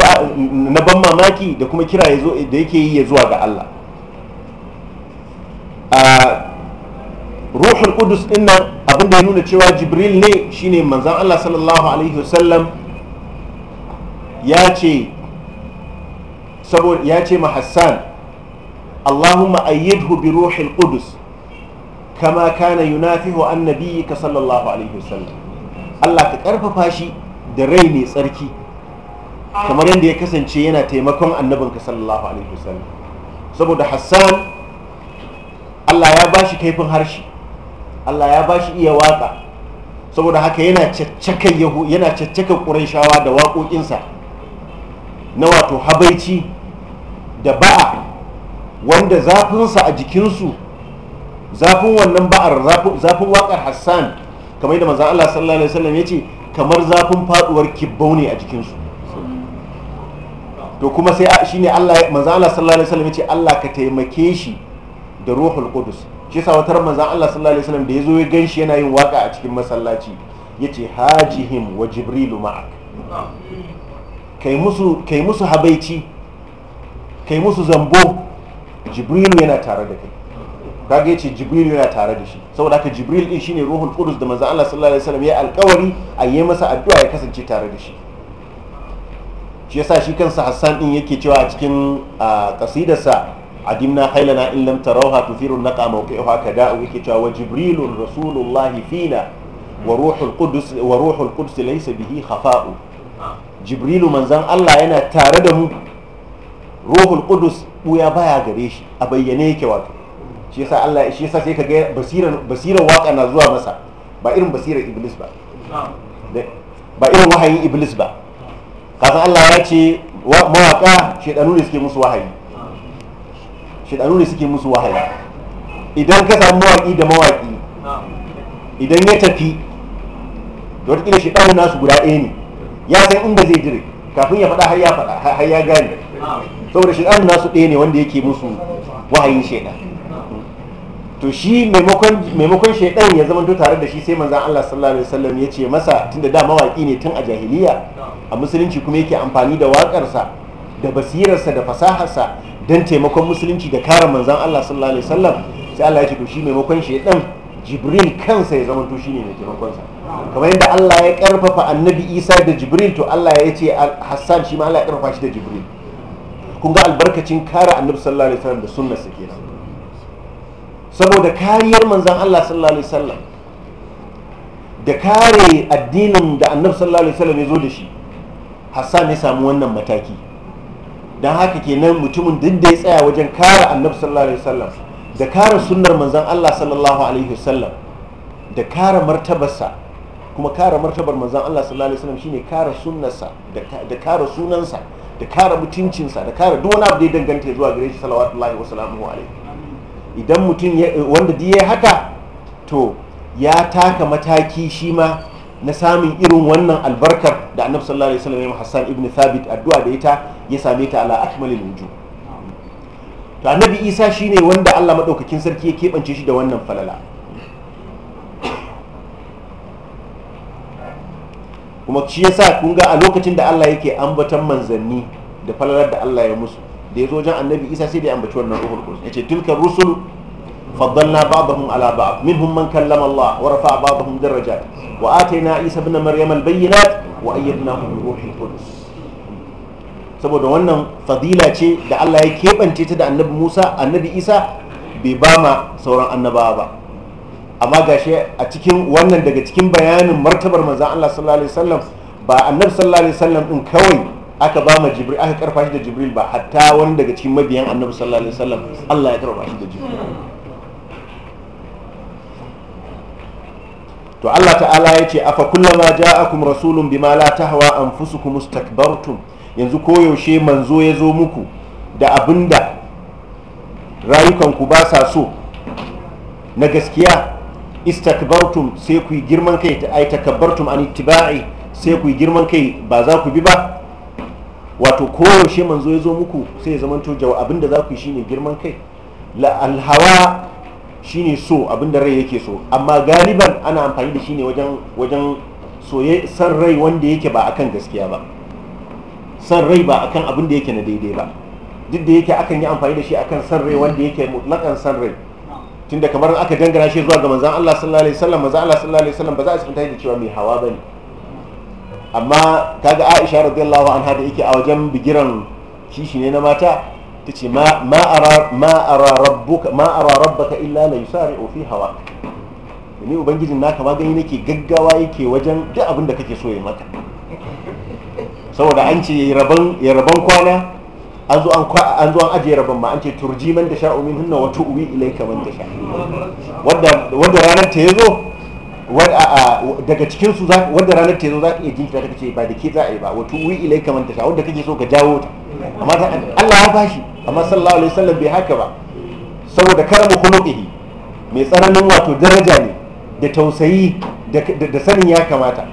ban mamaki da kuma kira da yake yi ya zuwa ga Allah ruhul qudus din abinda ya nuna cewa Jibril ne shine manzon Allah sallallahu alaihi wasallam ya ce saboda ya ce ma Hassan Allahumma ayyidhu bi kama kana yunafihu annabi ka sallallahu alaihi wasallam Allah ka karfafa shi da rai mai tsarki kamar yadda ya kasance yana taimakon ka sallallahu alaihi wasallam saboda Hassan Allah ya bashi kaifin harshe Allah ya bashi iya waka saboda haka yana caccakan yahu yana caccakan qurayshawa da waƙoƙinsa na wato habaici da ba'a wanda zafinsa a jikinsu zafin wannan ba'ar zafin waƙar hassan kamar yadda manzan allah sallallahu alaihi wasallam ya ce kamar zafin faduwar kibbau ne a jikinsu to kuma sai shi ne allah manzan allah sallallahu alaihi wasallam ya ce allah ka taimake shi da ruhul qudus shi yasa wata manzan allah sallallahu alaihi wasallam da yazo ya ganshi yana yin waka a cikin masallaci ya ce hajihim wa jibrilu ma'ak kai musu kai musu habaici kai musu zambo jibrilu yana tare da kai kaga yace jibril yana tare da shi saboda haka jibril din shine ruhul qudus da manzo Allah sallallahu alaihi wasallam ya alƙawari a yi masa addu'a ya kasance tare da shi shi yasa shi kansa Hassan din yake cewa a cikin qasidarsa adimna khailana in lam tarawha tufiru naqa mawqi'uha kada yake cewa wa jibrilur rasulullahi fina wa ruhul qudus wa ruhul qudus laysa bihi khafa'u jibrilu manzan Allah yana tare da mu ruhul qudus buya baya gare shi a bayyane yake wato shi yasa Allah shi yasa sai ka ga basirar basirar waka na zuwa masa ba irin basirar iblis ba ba irin wahayin iblis ba kasan Allah ya ce mawaka shedanu ne suke musu wahayi shedanu ne suke musu wahayi idan ka samu mawaki da mawaki idan ya tafi da watakila shedanu nasu guda ɗaya ne ya san inda zai dire kafin ya faɗa har ya faɗa har ya gane saboda shedanu nasu ɗaya ne wanda yake musu wahayin shedan to shi maimakon shaidan ya zama to tare da shi sai manzan Allah sallallahu alaihi wasallam ya ce masa tunda da mawaki ne tun a jahiliya a musulunci kuma yake amfani da waƙarsa da basirarsa da fasaharsa don taimakon musulunci da kare manzan Allah sallallahu alaihi wasallam sai Allah ya ce to shi maimakon shaidan jibril kansa ya zama to shine mai sa. kamar yadda Allah ya karfafa annabi isa da jibril to Allah ya ce hassan shi ma Allah ya karfafa shi da jibril kun ga albarkacin kare annabi sallallahu alaihi wasallam da sunnarsa kenan saboda kariyar manzan Allah sallallahu alaihi wasallam da kare addinin da annabi sallallahu alaihi wasallam ya zo da shi Hassan ya samu wannan mataki dan haka kenan mutumin duk da ya tsaya wajen kare annabi sallallahu alaihi wasallam da kare sunnar manzan Allah sallallahu alaihi wasallam da kare martabarsa kuma kare martabar manzan Allah sallallahu alaihi wasallam shine kare sunnarsa da kare sunansa da kare mutuncinsa da kare duk wani abu da ya danganta zuwa gare shi sallallahu alaihi wasallam idan mutum wanda diye haka to ya taka mataki shi ma na samun irin wannan albarkar da annabi sallallahu alaihi wasallam ya Hassan ibnu Thabit addu'a da ita ya same ta ala akmalil wujuh to annabi Isa shine wanda Allah madaukakin sarki ya kebance shi da wannan falala kuma shi yasa kun ga a lokacin da Allah yake ambaton manzanni da falalar da Allah ya musu da ya zo jan annabi isa sai da ya ambaci wannan ruhul qudus yace tilkar rusul faddalna ba'dahum ala ba'd minhum man kallama Allah wa rafa'a ba'dahum darajat wa atayna isa ibn maryam al-bayyinat wa ayyadnahu bi ruhil qudus saboda wannan fadila ce da Allah ya keɓance ta da annabi Musa annabi Isa bai ba ma sauran annabawa ba amma gashi a cikin wannan daga cikin bayanin martabar manzon Allah sallallahu alaihi wasallam ba annabi sallallahu alaihi wasallam din kawai aka ba ma jibril aka karfa shi da jibril ba hatta wani daga cikin mabiyan annabi sallallahu alaihi wasallam Allah ya karfa shi da jibril to Allah ta'ala ya ce afa kullama ja'akum rasulun bima la tahwa anfusukum mustakbartum yanzu ko koyaushe manzo ya zo muku da abinda rayukanku ba sa so na gaskiya istakbartum sai ku yi girman kai ta ai takabbartum an ittiba'i sai ku yi girman kai ba za ku bi ba wato koyaushe manzo ya zo muku sai ya zama jawa abinda za ku yi shine girman kai la alhawa shine so abinda rai yake so amma galiban ana amfani da shine wajen wajen soye san rai wanda yake ba akan gaskiya ba san rai ba akan abin da yake na daidai ba duk da yake akan yi amfani da shi akan san rai wanda yake mutlakan san rai tunda kamar aka dangana shi zuwa ga manzon Allah sallallahu alaihi wasallam manzon Allah sallallahu alaihi wasallam ba za a tsinta da cewa mai hawa bane amma ga aisha radiyallahu anha da yake a wajen bigiran kishi ne na mata ta ce ma ma'ara rabbaka illa la yusari fi hawa ni ubangijin naka ma gani nake gaggawa yake wajen duk abin da kake so ya maka saboda an ce ya rabon kwana an zo an ajiye rabon ma an ce turji man da sha'u min wata uwi ilai kamar da sha wanda ranar ta ya zo daga cikin su wanda ranar ta zo za ka iya jinta ta ce ba da ke za a yi ba wato wi ilai kamar ta sha wanda kake so ka jawo ta amma Allah ya bashi amma sallallahu alaihi wasallam bai haka ba saboda karamu khuluqihi mai tsaranin wato daraja ne da tausayi da sanin ya kamata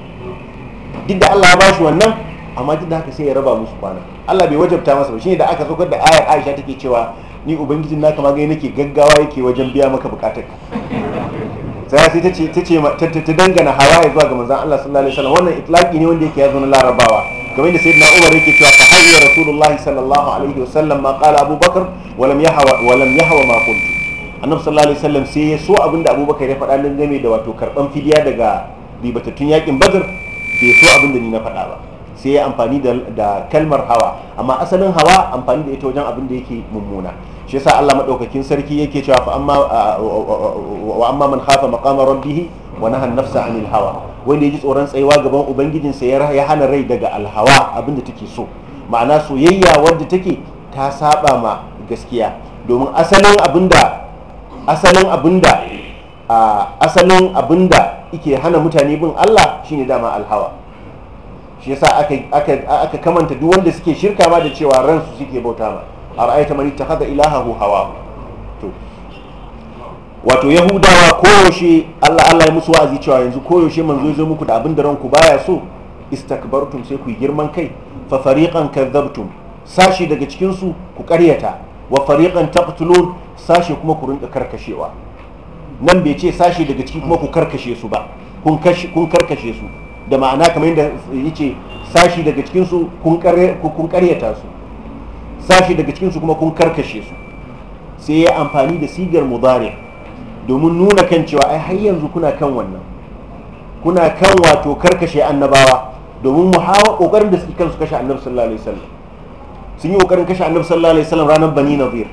duk da Allah ya bashi wannan amma duk da haka sai ya raba musu kwana Allah bai wajabta masa ba shine da aka saukar da ayar Aisha take cewa ni ubangijin naka magani nake gaggawa yake wajen biya maka bukatarka sai ta ce ta ce ta dangana hawaye zuwa ga manzon Allah sallallahu alaihi wasallam wannan itlaqi ne wanda yake yazo na larabawa kamar da sayyidina Umar yake cewa fa hayya rasulullahi sallallahu alaihi wasallam ma qala abubakar wa lam yahwa wa lam yahwa ma qult annabi sallallahu alaihi wasallam sai ya so abinda abubakar ya faɗa nan game da wato karban fidiya daga bibatattun yakin badr bai so abinda ni na faɗa ba sai ya amfani da kalmar hawa amma asalin hawa amfani da ita wajen abin da yake mummuna shi yasa Allah madaukakin sarki yake cewa fa amma wa amma man khafa maqama rabbih wa naha nafsa anil hawa wanda yaji tsoron tsayuwa gaban ubangijin ubangijinsa ya hana rai daga alhawa abinda take so ma'ana soyayya wadda take ta saba ma gaskiya domin asalin abinda asalin abinda asalin abinda ike hana mutane bin Allah shine dama alhawa shi yasa aka kamanta duk wanda suke shirka ma da cewa ransu suke bauta ma ta man ittakhadha ilahahu hawa to wato yahudawa koyaushe Allah Allah ya musu wa'azi cewa yanzu koyaushe manzo ya zo muku da abin da ranku baya so istakbartum sai ku yi girman kai fa fariqan kadzabtum sashi daga cikin su ku ƙaryata wa fariqan taqtulun sashi kuma ku rinka karkashewa nan bai ce sashi daga ciki kuma ku karkashe su ba kun karkashe su da ma'ana kamar yadda yace sashi daga cikin su kun ƙaryata su sashi daga cikinsu kuma kun karkashe su sai ya amfani da sigar mudari domin nuna kan cewa ai har yanzu kuna kan wannan kuna kan wato karkashe annabawa domin mu hawa kokarin da suke kansu kashe annabi sallallahu alaihi wasallam sun yi kokarin kashe annabi sallallahu alaihi wasallam ranar bani nadir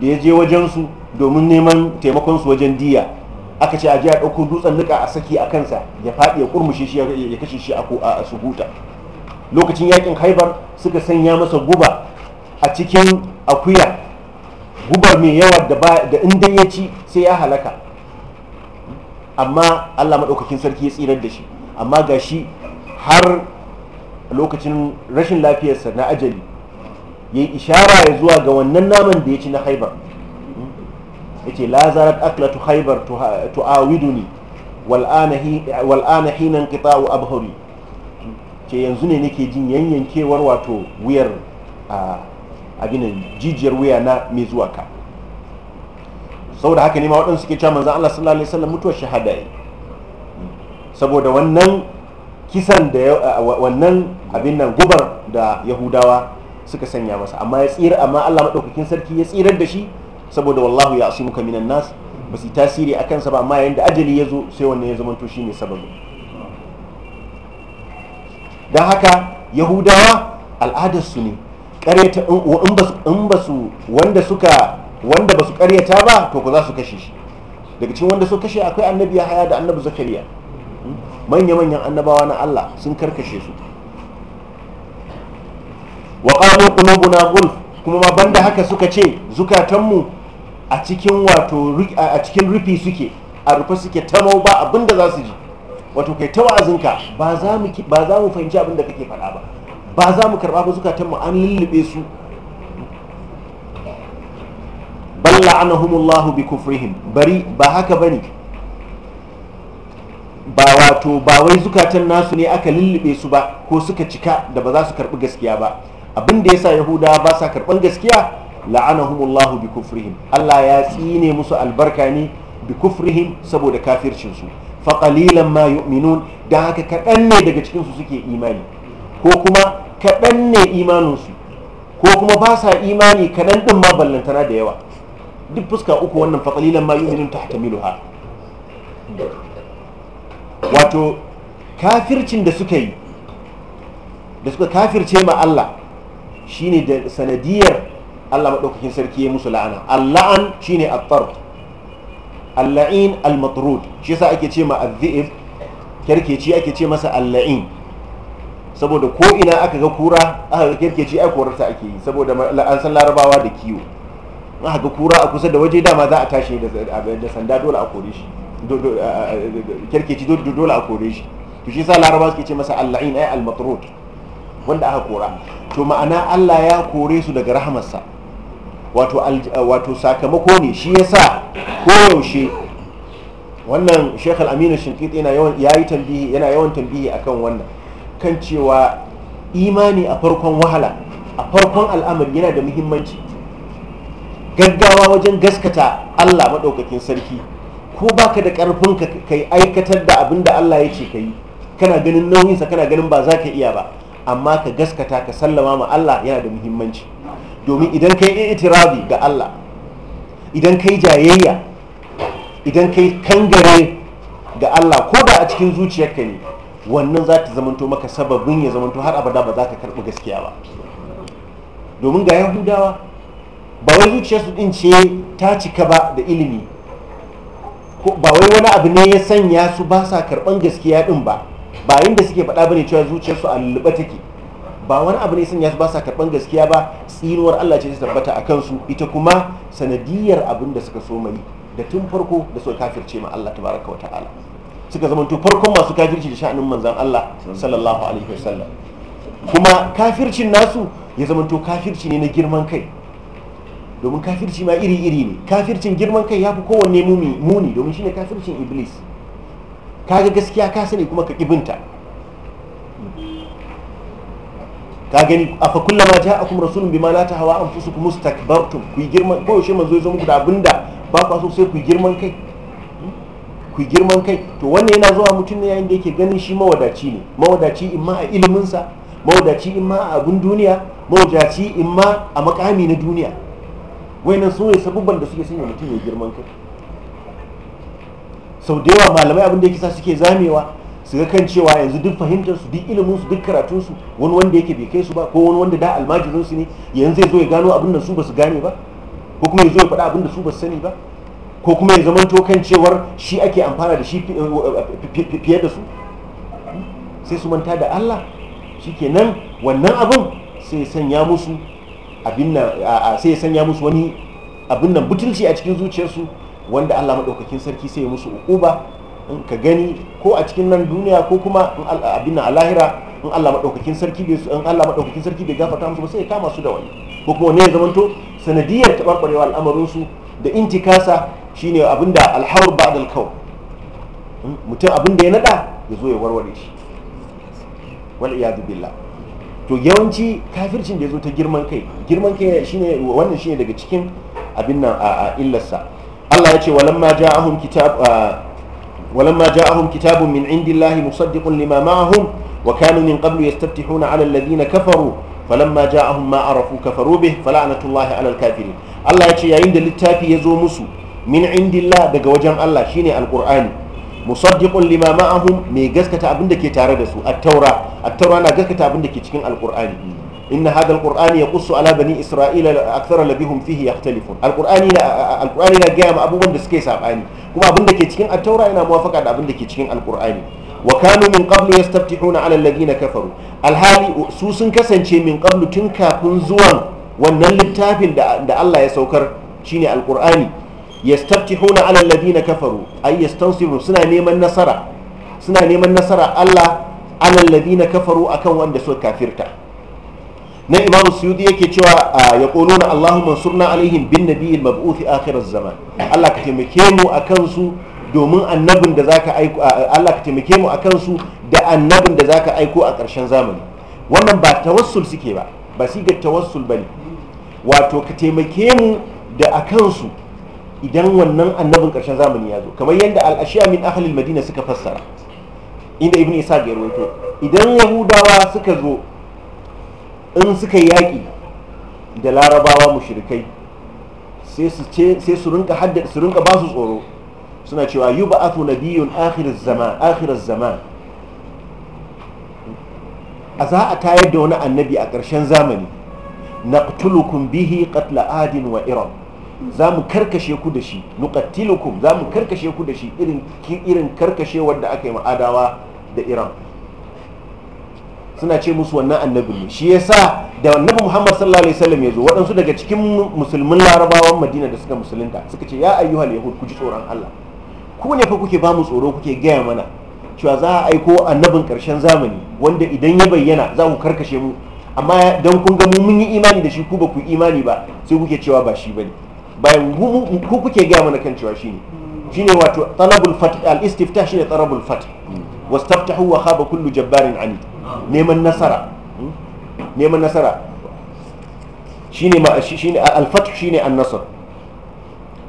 da ya je wajen su domin neman taimakon su wajen diya aka ce a je a dauko dutsen nika a saki a kansa ya faɗi ya kurmushe shi ya kashe shi a suguta lokacin yakin haibar suka sanya masa guba a cikin akuya guba mai yawa da inda ya ci sai ya halaka amma allah maɗaukakin sarki ya tsirar da shi amma ga shi har lokacin rashin lafiyarsa na ajali ya yi ishara ya zuwa ga wannan naman da ya ci na haibar ya ce lazarat aklatu haibar tu'awiduni wal'ana hinan kita'u abhari ce yanzu ne nake jin yanyankewar wato wuyar a ah, abin jijiyar wuya na mai zuwa ka saboda haka ne ma waɗansu ke cewa manzan Allah sallallahu alaihi wasallam mutuwar shahada yi saboda wannan kisan da wannan abin nan gubar da yahudawa suka sanya masa amma ya tsira amma Allah maɗaukakin sarki ya tsirar da shi saboda wallahu ya asimuka minan nas ba su tasiri a kansa ba amma yayin da ajali ya zo sai wannan ya zamanto shi ne sababi dan haka yahudawa al'adarsu ne karyata in ba wanda suka ba su karyata ba to ku za su kashe shi daga cikin wanda su kashe akwai annabi ya haya da annabi zakariya hmm? manya-manyan annabawa na allah sun karkashe su wa qalu qulubuna gulf kuma ma banda haka suka ce zukatanmu a cikin wato a cikin rufi suke a rufe suke tamau ba abinda za su ji wato kai ta wa'azinka ba za mu fahimci abinda kake faɗa ba ba za mu karɓa ba zukatanmu an lullube su balla anahumullahu bi kufrihim bari ba haka bane ba wato ba wai zukatan nasu ne aka lullube su ba ko suka cika da ba za su karɓi gaskiya ba abin da yasa Yahuda ba sa karɓar gaskiya la'anahumullahu bi kufrihim Allah ya tsine musu albarka ne bi kufrihim saboda kafircinsu fa qalilan ma yu'minun da haka kaɗan ne daga cikinsu suke imani ko kuma kaɗan ne imaninsu ko kuma ba sa imani kaɗan ɗin ma ballantana da yawa duk fuska uku wannan faƙalilan ma hata tahtamilu ha wato kafircin da suka yi da suka kafirce ma Allah shi ne da sanadiyar Allah maɗaukakin sarki ya musu la'ana allahan shi ne tarf al al-matrud shi yasa ake ce ma al ziir kyarkeci ake ce masa Allah'in saboda ko ina aka ga kura aka ga kirkeci ai ta ake yi saboda an san larabawa da kiwo aka ga kura a kusa da waje dama za a tashi da sanda dole a kore shi kirkeci dole a kore shi to shi sa larabawa suke ce masa alla'in ay al-matrud wanda aka kora to ma'ana Allah ya kore su daga rahamarsa wato sakamako ne shi yasa koyaushe wannan shekhal aminu shinkiti yana yawan tambihi akan wannan kan cewa imani a farkon wahala a farkon al'amari yana da muhimmanci gaggawa wajen gaskata Allah maɗaukakin sarki ko baka da ƙarfin ka kai aikatar da abin da Allah ya ce ka yi kana ganin nauyinsa kana ganin ba za ka iya ba amma ka gaskata ka sallama ma Allah yana da muhimmanci domin idan ka yi itirabi ga Allah idan ka yi jayayya idan ka yi kangare ga Allah ko da a cikin zuciyarka ne wannan za ta zamanto maka sababin ya zamanto har abada ba za ka karɓi gaskiya ba domin ga yahudawa ba wai zuciyarsu ɗin ce ta cika ba da ilimi ba wai wani abu ne ya sanya su ba sa karɓan gaskiya ɗin ba ba yadda suke faɗa ba ne cewa zuciyarsu su lulluɓa take ba wani abu ne sanya su ba sa karɓan gaskiya ba tsinuwar allah ce ta tabbata a kansu ita kuma sanadiyar abin da suka so mai da tun farko da suka kafirce ma allah tabaraka wa ta'ala suka zama to farkon masu kafirci da sha'anin manzan Allah sallallahu alaihi wasallam kuma kafircin nasu ya zama to kafirci ne na girman kai domin kafirci ma iri-iri ne kafircin girman kai ya fi kowanne muni domin shine kafircin iblis kaga gaskiya ka sani kuma ka kibinta ka gani a fa ja'a kuma rasulun bima la fusu anfusukum mustakbartum ku girman ko yaushe manzo ya zo muku da abinda ba ku so sai ku girman kai ku girman kai to wannan yana zuwa mutum ne yayin da yake ganin shi mawadaci ne mawadaci in ma a iliminsa mawadaci in ma a abin duniya mawadaci in ma a makami na duniya wayannan su ne sabubban da suke sanya mutum ya girman kai sau da yawa malamai abin da yake sa suke zamewa su ga kan cewa yanzu duk fahimtar su duk ilimin su duk karatun su wani wanda yake bai kai su ba ko wani wanda da almajirin su ne yanzu zai zo ya gano abin da su ba su gane ba ko kuma ya zo ya faɗa abin da su ba su sani ba ko kuma ya zaman kan cewar shi ake amfana da shi eh, fiye da su sai su manta da Allah shikenan wannan abin sai sanya musu sai sanya musu wani abin nan butulci a cikin zuciyarsu wanda Allah maɗaukakin sarki sai ya musu uquba in ka gani ko a cikin nan duniya ko kuma abin nan a lahira in Allah maɗaukakin sarki bai in gafarta musu ba sai ya kama su da wani ko kuma wani ya zamanto sanadiyar taɓarɓarewa al'amarinsu da intikasa shine abinda alhawar ba'd alkaw hmm? mutum abinda ya nada ya zo ya warware shi Wani iyadu zubilla. to yawanci kafircin da ya zo ta girman kai girman kai shine wannan ne daga cikin abin nan a illarsa Allah ya ce walamma ja'ahum min ولما جاءهم كتاب من عند الله مصدق لما معهم وكانوا من قبل يستفتحون على الذين كفروا فلما جاءهم ما عرفوا كفروا به فلعنة Allah ya ce الله يتشي littafi ya zo musu. min indillah daga wajen Allah shine alqur'ani musaddiqun lima ma'ahum mai gaskata abin da ke tare da su at-taura at-taura na gaskata abin da ke cikin alqur'ani inna hadha alqur'ani yaqussu ala bani isra'ila akthara labihum fihi yahtalifun alqur'ani na alqur'ani na ga abubuwan da suke sabani kuma abin da ke cikin at-taura yana muwafaqa da abin da ke cikin alqur'ani kanu min قبل يستفتحون ala alladhina kafaru alhali su sun kasance min qablu tun kafin zuwan wannan littafin da Allah ya saukar shine alqur'ani yastaftihuna ala alladhina kafaru ay yastansiru suna neman nasara suna neman nasara Allah ala alladhina kafaru akan wanda suka kafirta na imamu suyudi yake cewa ah, ya na allahumma mansurna alaihim bin nabiyil mab'uth akhir zaman Allah ka taimake mu akan su domin annabin da zaka aiko Allah ka taimake mu akan su da annabin da zaka aiko a karshen zamani wannan ba tawassul suke ba ba sigar tawassul bane wato ka taimake mu da akan su idan wannan annabin ƙarshen zamani ya zo kamar yadda al'ashiya min ahalil madina suka fassara inda ibn isa ga yarwato idan yahudawa suka zo in suka yaƙi da larabawa mushrikai sai su rinka haddada su rinka ba su tsoro suna cewa yi ba atu na biyun akhirar zaman a za a tayar da wani annabi a ƙarshen zamani na bihi qatla adin wa iran za mu karkashe ku da shi nuqattilukum za mu karkashe ku da shi irin karkashe wadda aka yi ma'adawa da iran suna ce musu wannan annabi ne shi yasa da annabi muhammad sallallahu alaihi wasallam ya zo waɗansu daga cikin musulmin larabawan madina da suka musulunta suka ce ya ayyuhal yahud ku ji tsoron allah ku ne fa kuke ba mu tsoro kuke gaya mana cewa za a aiko annabin karshen zamani wanda idan ya bayyana za ku karkashe mu amma don kun ga mun yi imani da shi ku ba ku imani ba sai kuke cewa ba shi bane bayan ku ke gaya mana kan cewa shine shine wato talabul fath al istiftah shine talabul fath wastaftahu wa khaba kullu jabbarin ani neman nasara hmm? neman nasara shine ma shine al fath shine an nasr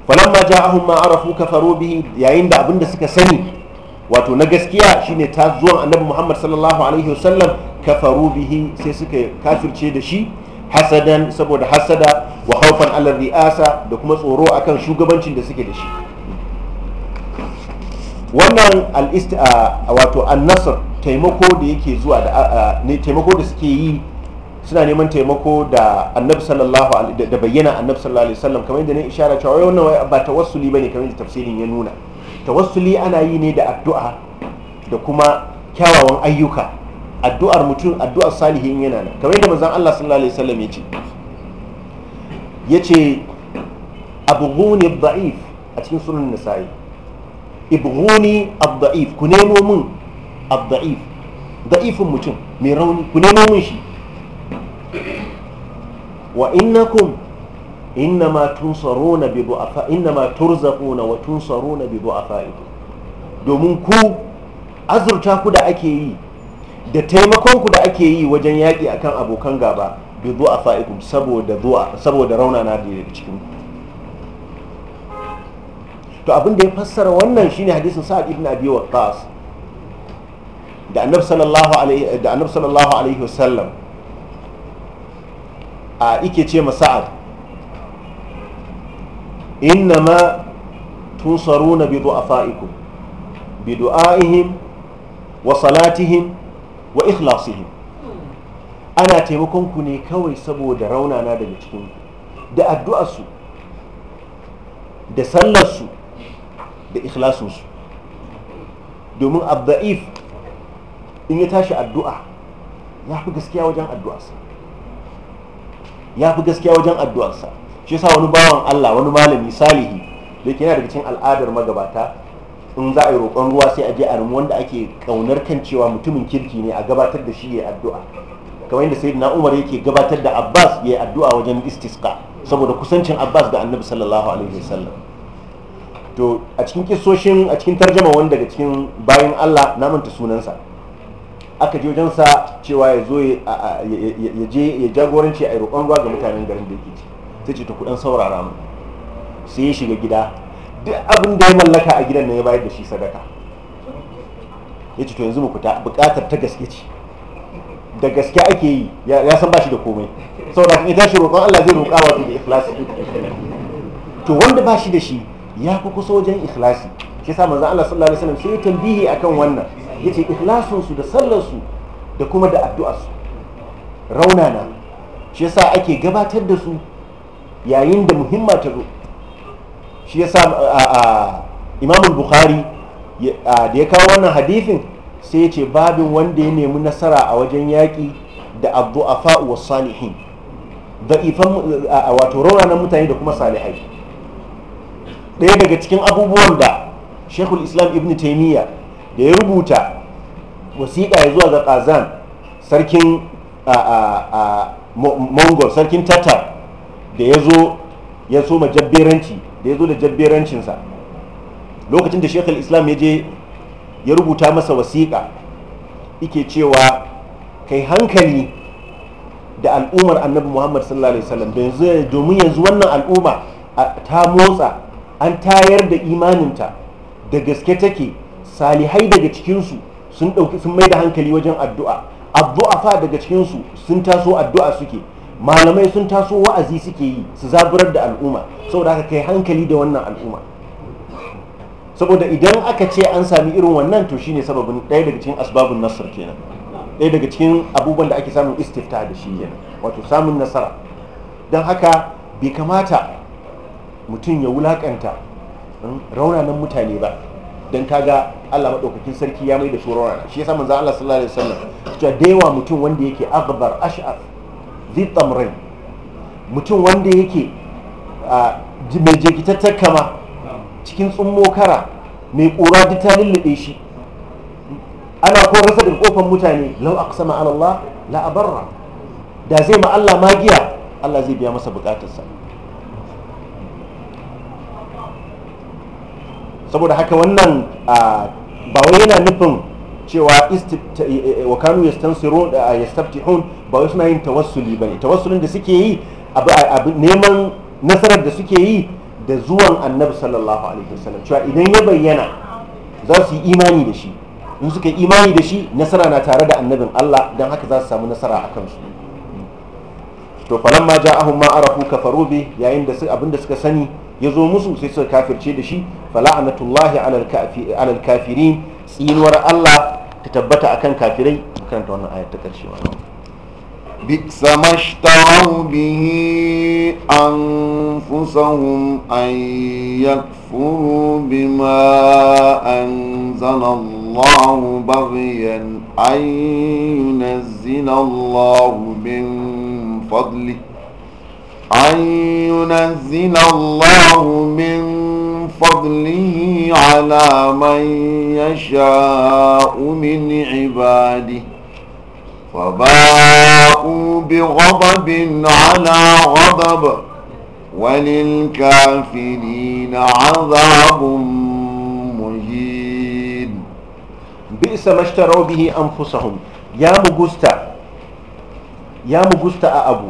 falamma ja'ahum ma arafu kafaru bihi yayin da abinda suka sani wato na gaskiya shine ta zuwan annabi Muhammad sallallahu alaihi wasallam kafaru bihi sai suka kafirce da shi hasadan saboda hasada wa haufan ala ri'asa da kuma tsoro akan shugabancin da suke da shi wannan wato annasar taimako da yake zuwa da ne taimako da suke yi suna neman taimako da annabi sallallahu alaihi da bayyana annabi sallallahu alaihi wasallam kamar yadda ne ishara cewa wai wannan ba tawassuli bane kamar yadda tafsirin ya nuna tawassuli ana yi ne da addu'a da kuma kyawawan ayyuka addu'ar mutum addu'ar salihin yana nan kamar yadda manzon Allah sallallahu alaihi wasallam ya ce yace abghuni ad-da'if a cikin sunan nasa'i ibghuni ad-da'if ku nemo min ad-da'if da'ifin mutum mai rauni ku nemo min shi wa innakum innama tunsaruna bi du'afa innama turzaquna wa tunsaruna bi du'afaikum domin ku azurta ku da ake yi da taimakon ku da ake yi wajen yaƙi akan abokan gaba bi du'afaikum saboda du'a saboda raunana da yi cikin to abin da ya fassara wannan shine hadisin sa'ad ibn abi waqqas da annabi sallallahu alaihi da annabi sallallahu alaihi wasallam a ike ce ma sa'ad innama tunsaruna bi du'afaikum bi du'aihim wa salatihim wa ikhlasihim ana taimakon ku ne kawai saboda raunana daga cikin da addu'arsu da sallarsu da su domin abda'if in ya tashi addu'a ya fi gaskiya wajen addu'arsa ya fi gaskiya wajen addu'arsa shi sa wani bawan Allah wani malami salihi da ke yana daga cikin al'adar magabata in za a yi roƙon ruwa sai a je a wanda ake kaunar kan cewa mutumin kirki ne a gabatar da shi ya addu'a kamar yadda sayyidina Umar yake gabatar da Abbas ya yi addu'a wajen istisqa saboda kusancin Abbas da Annabi sallallahu alaihi wasallam to a cikin kissoshin a cikin tarjama wani daga cikin bayan Allah na manta sunansa aka je wajen sa cewa ya zo ya je ya jagoranci a roƙon ruwa ga mutanen garin da yake ci sai ce ta dan saurara mu sai ya shiga gida duk abin da ya mallaka a gidan nan ya bayar da shi sadaka ya ce to yanzu mu fita buƙatar ta gaske ce da gaske ake yi ya san bashi da komai Sau da ita shi roƙon Allah zai roƙa wato da ikhlasi to wanda bashi da shi ya fi kusa wajen ikhlasi shi yasa manzon Allah sallallahu alaihi wasallam sai ya tambihi akan wannan yace ikhlasun su da sallarsu da kuma da addu'ar su na shi sa ake gabatar da su yayin da muhimma ta zo shi yasa Bukhari da ya kawo wannan hadifin sai ya ce babin wanda ya nemi nasara a wajen yaƙi da abu abdu'afa wa salihin da'ifan wato raunanan mutane da kuma salihai ɗaya daga cikin abubuwan da shekul islam ibn taimiyya da ya rubuta wasiƙa ya zuwa ga ƙazan sarkin mongol sarkin tatar da ya zo ya soma jabberanci da ya zo da jabberancinsa lokacin da shekul islam ya je ya rubuta masa wasiƙa ike cewa kai hankali da al'ummar annabi muhammad sallallahu alaihi wasallam domin yanzu wannan al'umma ta motsa an tayar da imaninta da gaske take salihai daga cikinsu sun mai da hankali wajen addu'a addu'a daga cikinsu sun taso addu'a suke malamai sun taso wa'azi suke yi su zaburar da al'umma saboda haka kai hankali da wannan al'umma saboda idan aka ce an sami irin wannan to shine sababin daya daga cikin asbabun nasar kenan ɗaya daga cikin abubuwan da ake samun istifta da shi kenan wato samun nasara don haka bai kamata mutum ya wulakanta um, raunanan mutane ba don kaga Allah maɗaukakin sarki ya mai da shi raunana shi yasa Allah sallallahu alaihi wasallam cewa mutum wanda yake aghbar ash'ar zi mutum wanda yake ah, mai jikitattar kama cikin tsummo kara mai ƙura duk ta lullube shi ana ko rasa da ƙofar mutane lau a kusa Allah la barra. da zai ma Allah magiya Allah zai biya masa bukatarsa saboda haka wannan ba wai yana nufin cewa eh, eh, eh, wa kanu ya da stafti yastaftihun ba wai suna yin tawassuli ba ne tawassulin da suke yi neman nasarar da suke yi da zuwan annabi sallallahu alaihi wasallam cewa idan ya bayyana za su yi imani da shi in suka yi imani da shi nasara na tare da annabin Allah don haka za su samu nasara a kansu to falan ma ja'ahum ma arafu kafaru bi yayin da abinda suka sani ya zo musu sai suka kafirce da shi fa fala'anatullahi alal kafirin tsinuwar Allah ta tabbata akan kafirai karanta wannan ayat ta karshe بئس ما اشتروا به أنفسهم أن يكفروا بما أنزل الله بغيا أن ينزل الله من فضله أن ينزل الله من فضله على من يشاء من عباده فباءوا بغضب على غضب وللكافرين عذاب مهين بئس ما اشتروا به انفسهم يا مغستا يا مجوستا أبو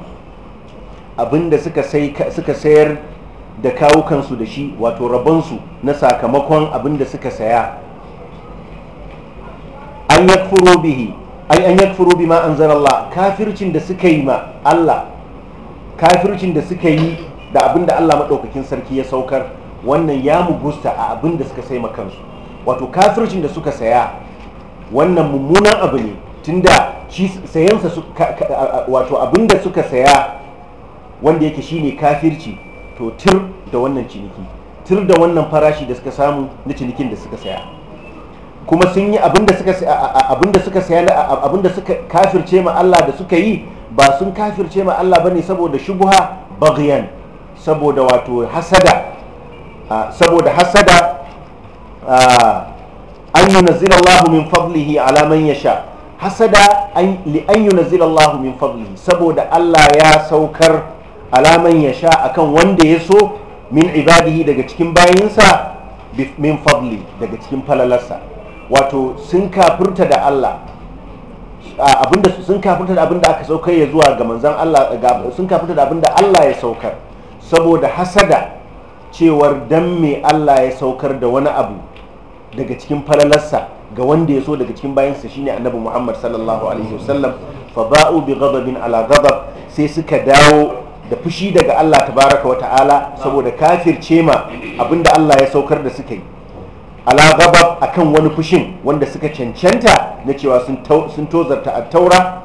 abinda suka suka sayar da kawo kansu da shi wato rabonsu na sakamakon abinda suka saya an yakfuru bihi ai an yakfuru bima Allah kafircin da suka yi ma Allah kafircin da suka yi da abin da Allah madaukakin sarki ya saukar wannan ya mugusta a abin da suka sai ma kansu wato kafircin da suka saya wannan mummunan abu ne tunda shi sayansa wato abin da suka saya wanda yake shine kafirci to tir da wannan ciniki tir da wannan farashi da suka samu na cinikin da suka saya kuma sun yi abinda suka abinda abinda suka kafirce ma Allah da suka yi ba sun kafirce ma Allah bane saboda shubuha baghyan saboda wato hasada saboda hasada an yunazzila Allah min fadlihi ala man yasha hasada li an yunazzila Allah min fadlihi saboda Allah ya saukar ala man yasha akan wanda ya so min ibadihi daga cikin bayansa min fadli daga cikin falalarsa wato sun kafirta da Allah abinda sun kafirta da abinda aka saukar ya zuwa ga manzan Allah sun kafirta da abinda Allah ya saukar saboda hasada cewar dan me Allah ya saukar da wani abu daga cikin falalarsa ga wanda ya so daga cikin bayansa shine annabi Muhammad sallallahu alaihi wasallam fa ba'u bi ghadabin ala ghadab sai suka dawo da fushi daga Allah tabaraka wa ta'ala saboda kafirce ma abinda Allah ya saukar da suka yi alagabab a kan wani fushin wanda suka cancanta na cewa sun tozarta taura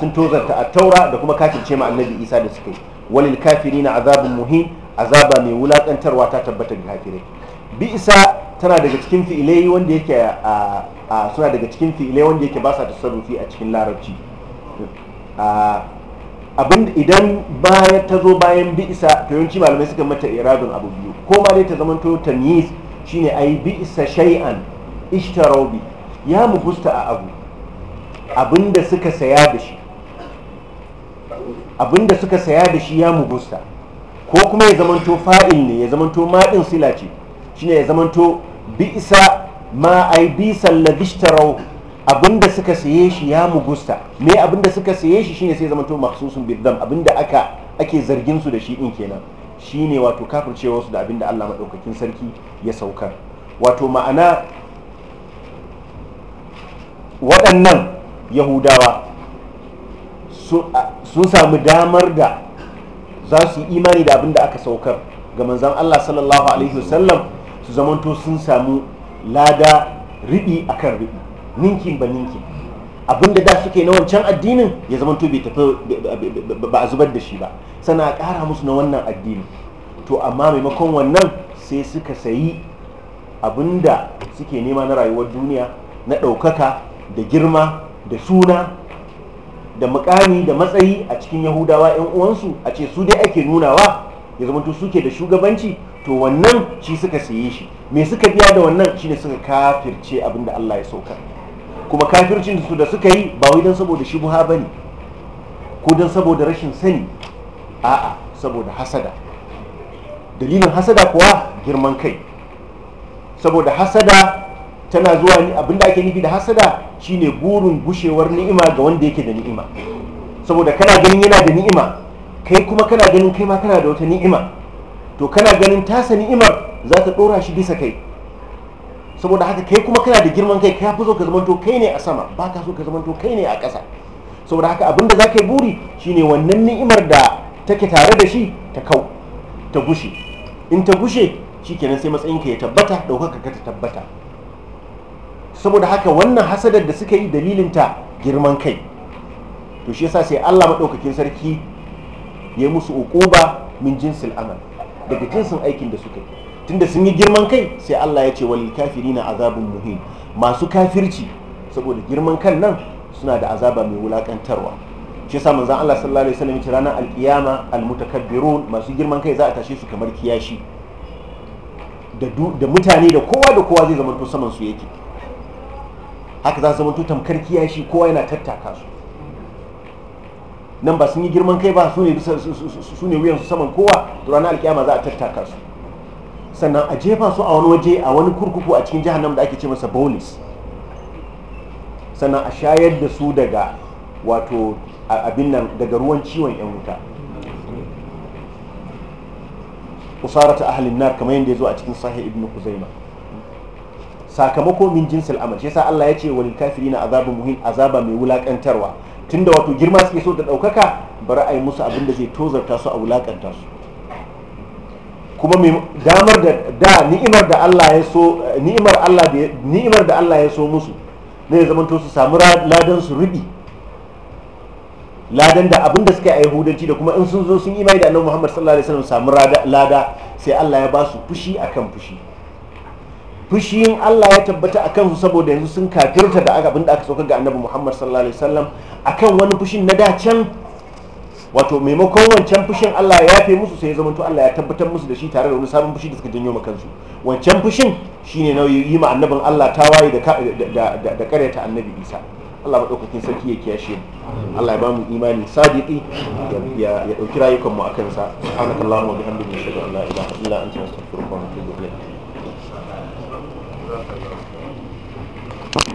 sun tozarta taura da kuma kafirce ma annabi isa da suka yi walil na azabin muhim azaba mai wulakantarwa ta tabbata ga kafirai bi isa tana daga cikin fi'ilai wanda yake suna daga cikin fi'ilai wanda yake ba sa tasarrufi a cikin larabci abin idan baya ta zo bayan bi isa to yawanci malamai suka mata iradun abu biyu ko ma dai ta zamanto tamyiz shine yi bi isa shay'an ishtaraw bi ya mugusta a abu abinda suka saya da shi abinda suka saya da shi ya mugusta ko kuma ya zamanto fa'il ne ya zamanto maɗin sila ce shine ya zamanto bi isa ma ai bi salladishtaraw abinda suka saye shi ya mugusta me abinda suka saye shi shine sai zamanto makhsusun bidam abinda aka ake zargin su da shi din kenan shine wato kafircewa su da abin da Allah maɗaukakin sarki ya saukar wato ma'ana waɗannan yahudawa sun sami damar da za su yi imani da abin da aka saukar ga manzan Allah sallallahu alaihi wasallam su zamanto sun samu lada ribi akan riɓi ninkin ba ninkin abinda da suke na wancan addinin ya zama tafi ba a zubar da shi ba sana ƙara musu na wannan addini to amma maimakon wannan sai suka sayi abinda suke nema na rayuwar duniya na ɗaukaka da girma da suna da mukami da matsayi a cikin yahudawa 'yan uwansu a ce su dai ake nunawa ya zama to suke da shugabanci to wannan shi suka saye shi me suka biya da wannan shine suka kafirce abinda Allah ya saukar kuma kafircin su da suka yi ba wai don saboda shi buha ba ne ko don saboda rashin sani a'a saboda hasada dalilin hasada kuwa girman kai saboda hasada tana zuwa ni abinda ake nufi da hasada shine burin gushewar ni'ima ga wanda yake da ni'ima saboda kana ganin yana da ni'ima kai kuma kana ganin kai ma kana da wata ni'ima to kana ganin tasa ni'imar za ta dora shi bisa kai saboda haka kai kuma kana da girman kai ka fi so ka zamanto kai ne a sama ba ka so ka zamanto kai ne a ƙasa saboda haka abinda za ka yi buri shine wannan ni'imar da take tare da shi ta kau ta gushe in ta gushe shikenan sai matsayin ka ya tabbata ɗaukaka ka ta tabbata saboda haka wannan hasadar da suka yi dalilin ta girman kai to shi yasa sai Allah maɗaukakin sarki ya musu uquba min jinsil amal daga jinsin aikin da suka yi tunda sun yi girman kai sai Allah ya ce kafiri na azabun muhim masu kafirci saboda girman kan nan suna da azaba mai wulakantarwa shi yasa manzon Allah sallallahu alaihi wasallam ya ranar alkiyama almutakabbirun masu girman kai za a tashe su kamar kiyashi da da mutane da kowa da kowa zai zama to saman su yake haka za su zama to tamkar kiyashi kowa yana tattaka su nan ba sun yi girman kai ba su ne wuyansu saman kowa ranar alkiyama za a tattaka su sannan a jefa su a wani waje a wani kurkuku a cikin jihar da ake ce masa bolis sannan a shayar da su daga wato abin nan daga ruwan ciwon yan wuta ta ahalin nar kamar yadda ya zo a cikin sahih ibn kuzaima sakamako min jinsil amal shi yasa Allah ya ce walil na azabu muhin azaba mai wulakantarwa tunda wato girma suke so da daukaka bari a musu abin da zai tozarta su a wulakanta su kuma damar da da ni'imar da Allah ya so ni'imar Allah da ni'imar da Allah ya so musu ne ya to su samu ladan su rubi ladan da abin da suka yi yahudanci da kuma in sun zo sun yi mai da annabi Muhammad sallallahu alaihi wasallam samu lada sai Allah ya ba su fushi akan fushi fushin Allah ya tabbata a kansu saboda yanzu sun kafirta da abin da aka sauka ga annabi Muhammad sallallahu alaihi wasallam akan wani fushin na da can wato maimakon wancan fushin Allah ya yafe musu sai ya zamanto Allah ya tabbatar musu da shi tare da wani sabon fushi da suka janyo ma kansu wancan fushin shine nauyi yi ma annabin Allah ta waye da da kareta annabi Isa Allah maɗaukakin sarki ya kiyashe mu Allah ya bamu imani sadiqi ya ɗauki rayukan mu akan sa subhanallahi wa bihamdihi ashhadu la ilaha illa anta astaghfiruka wa atubu ilayk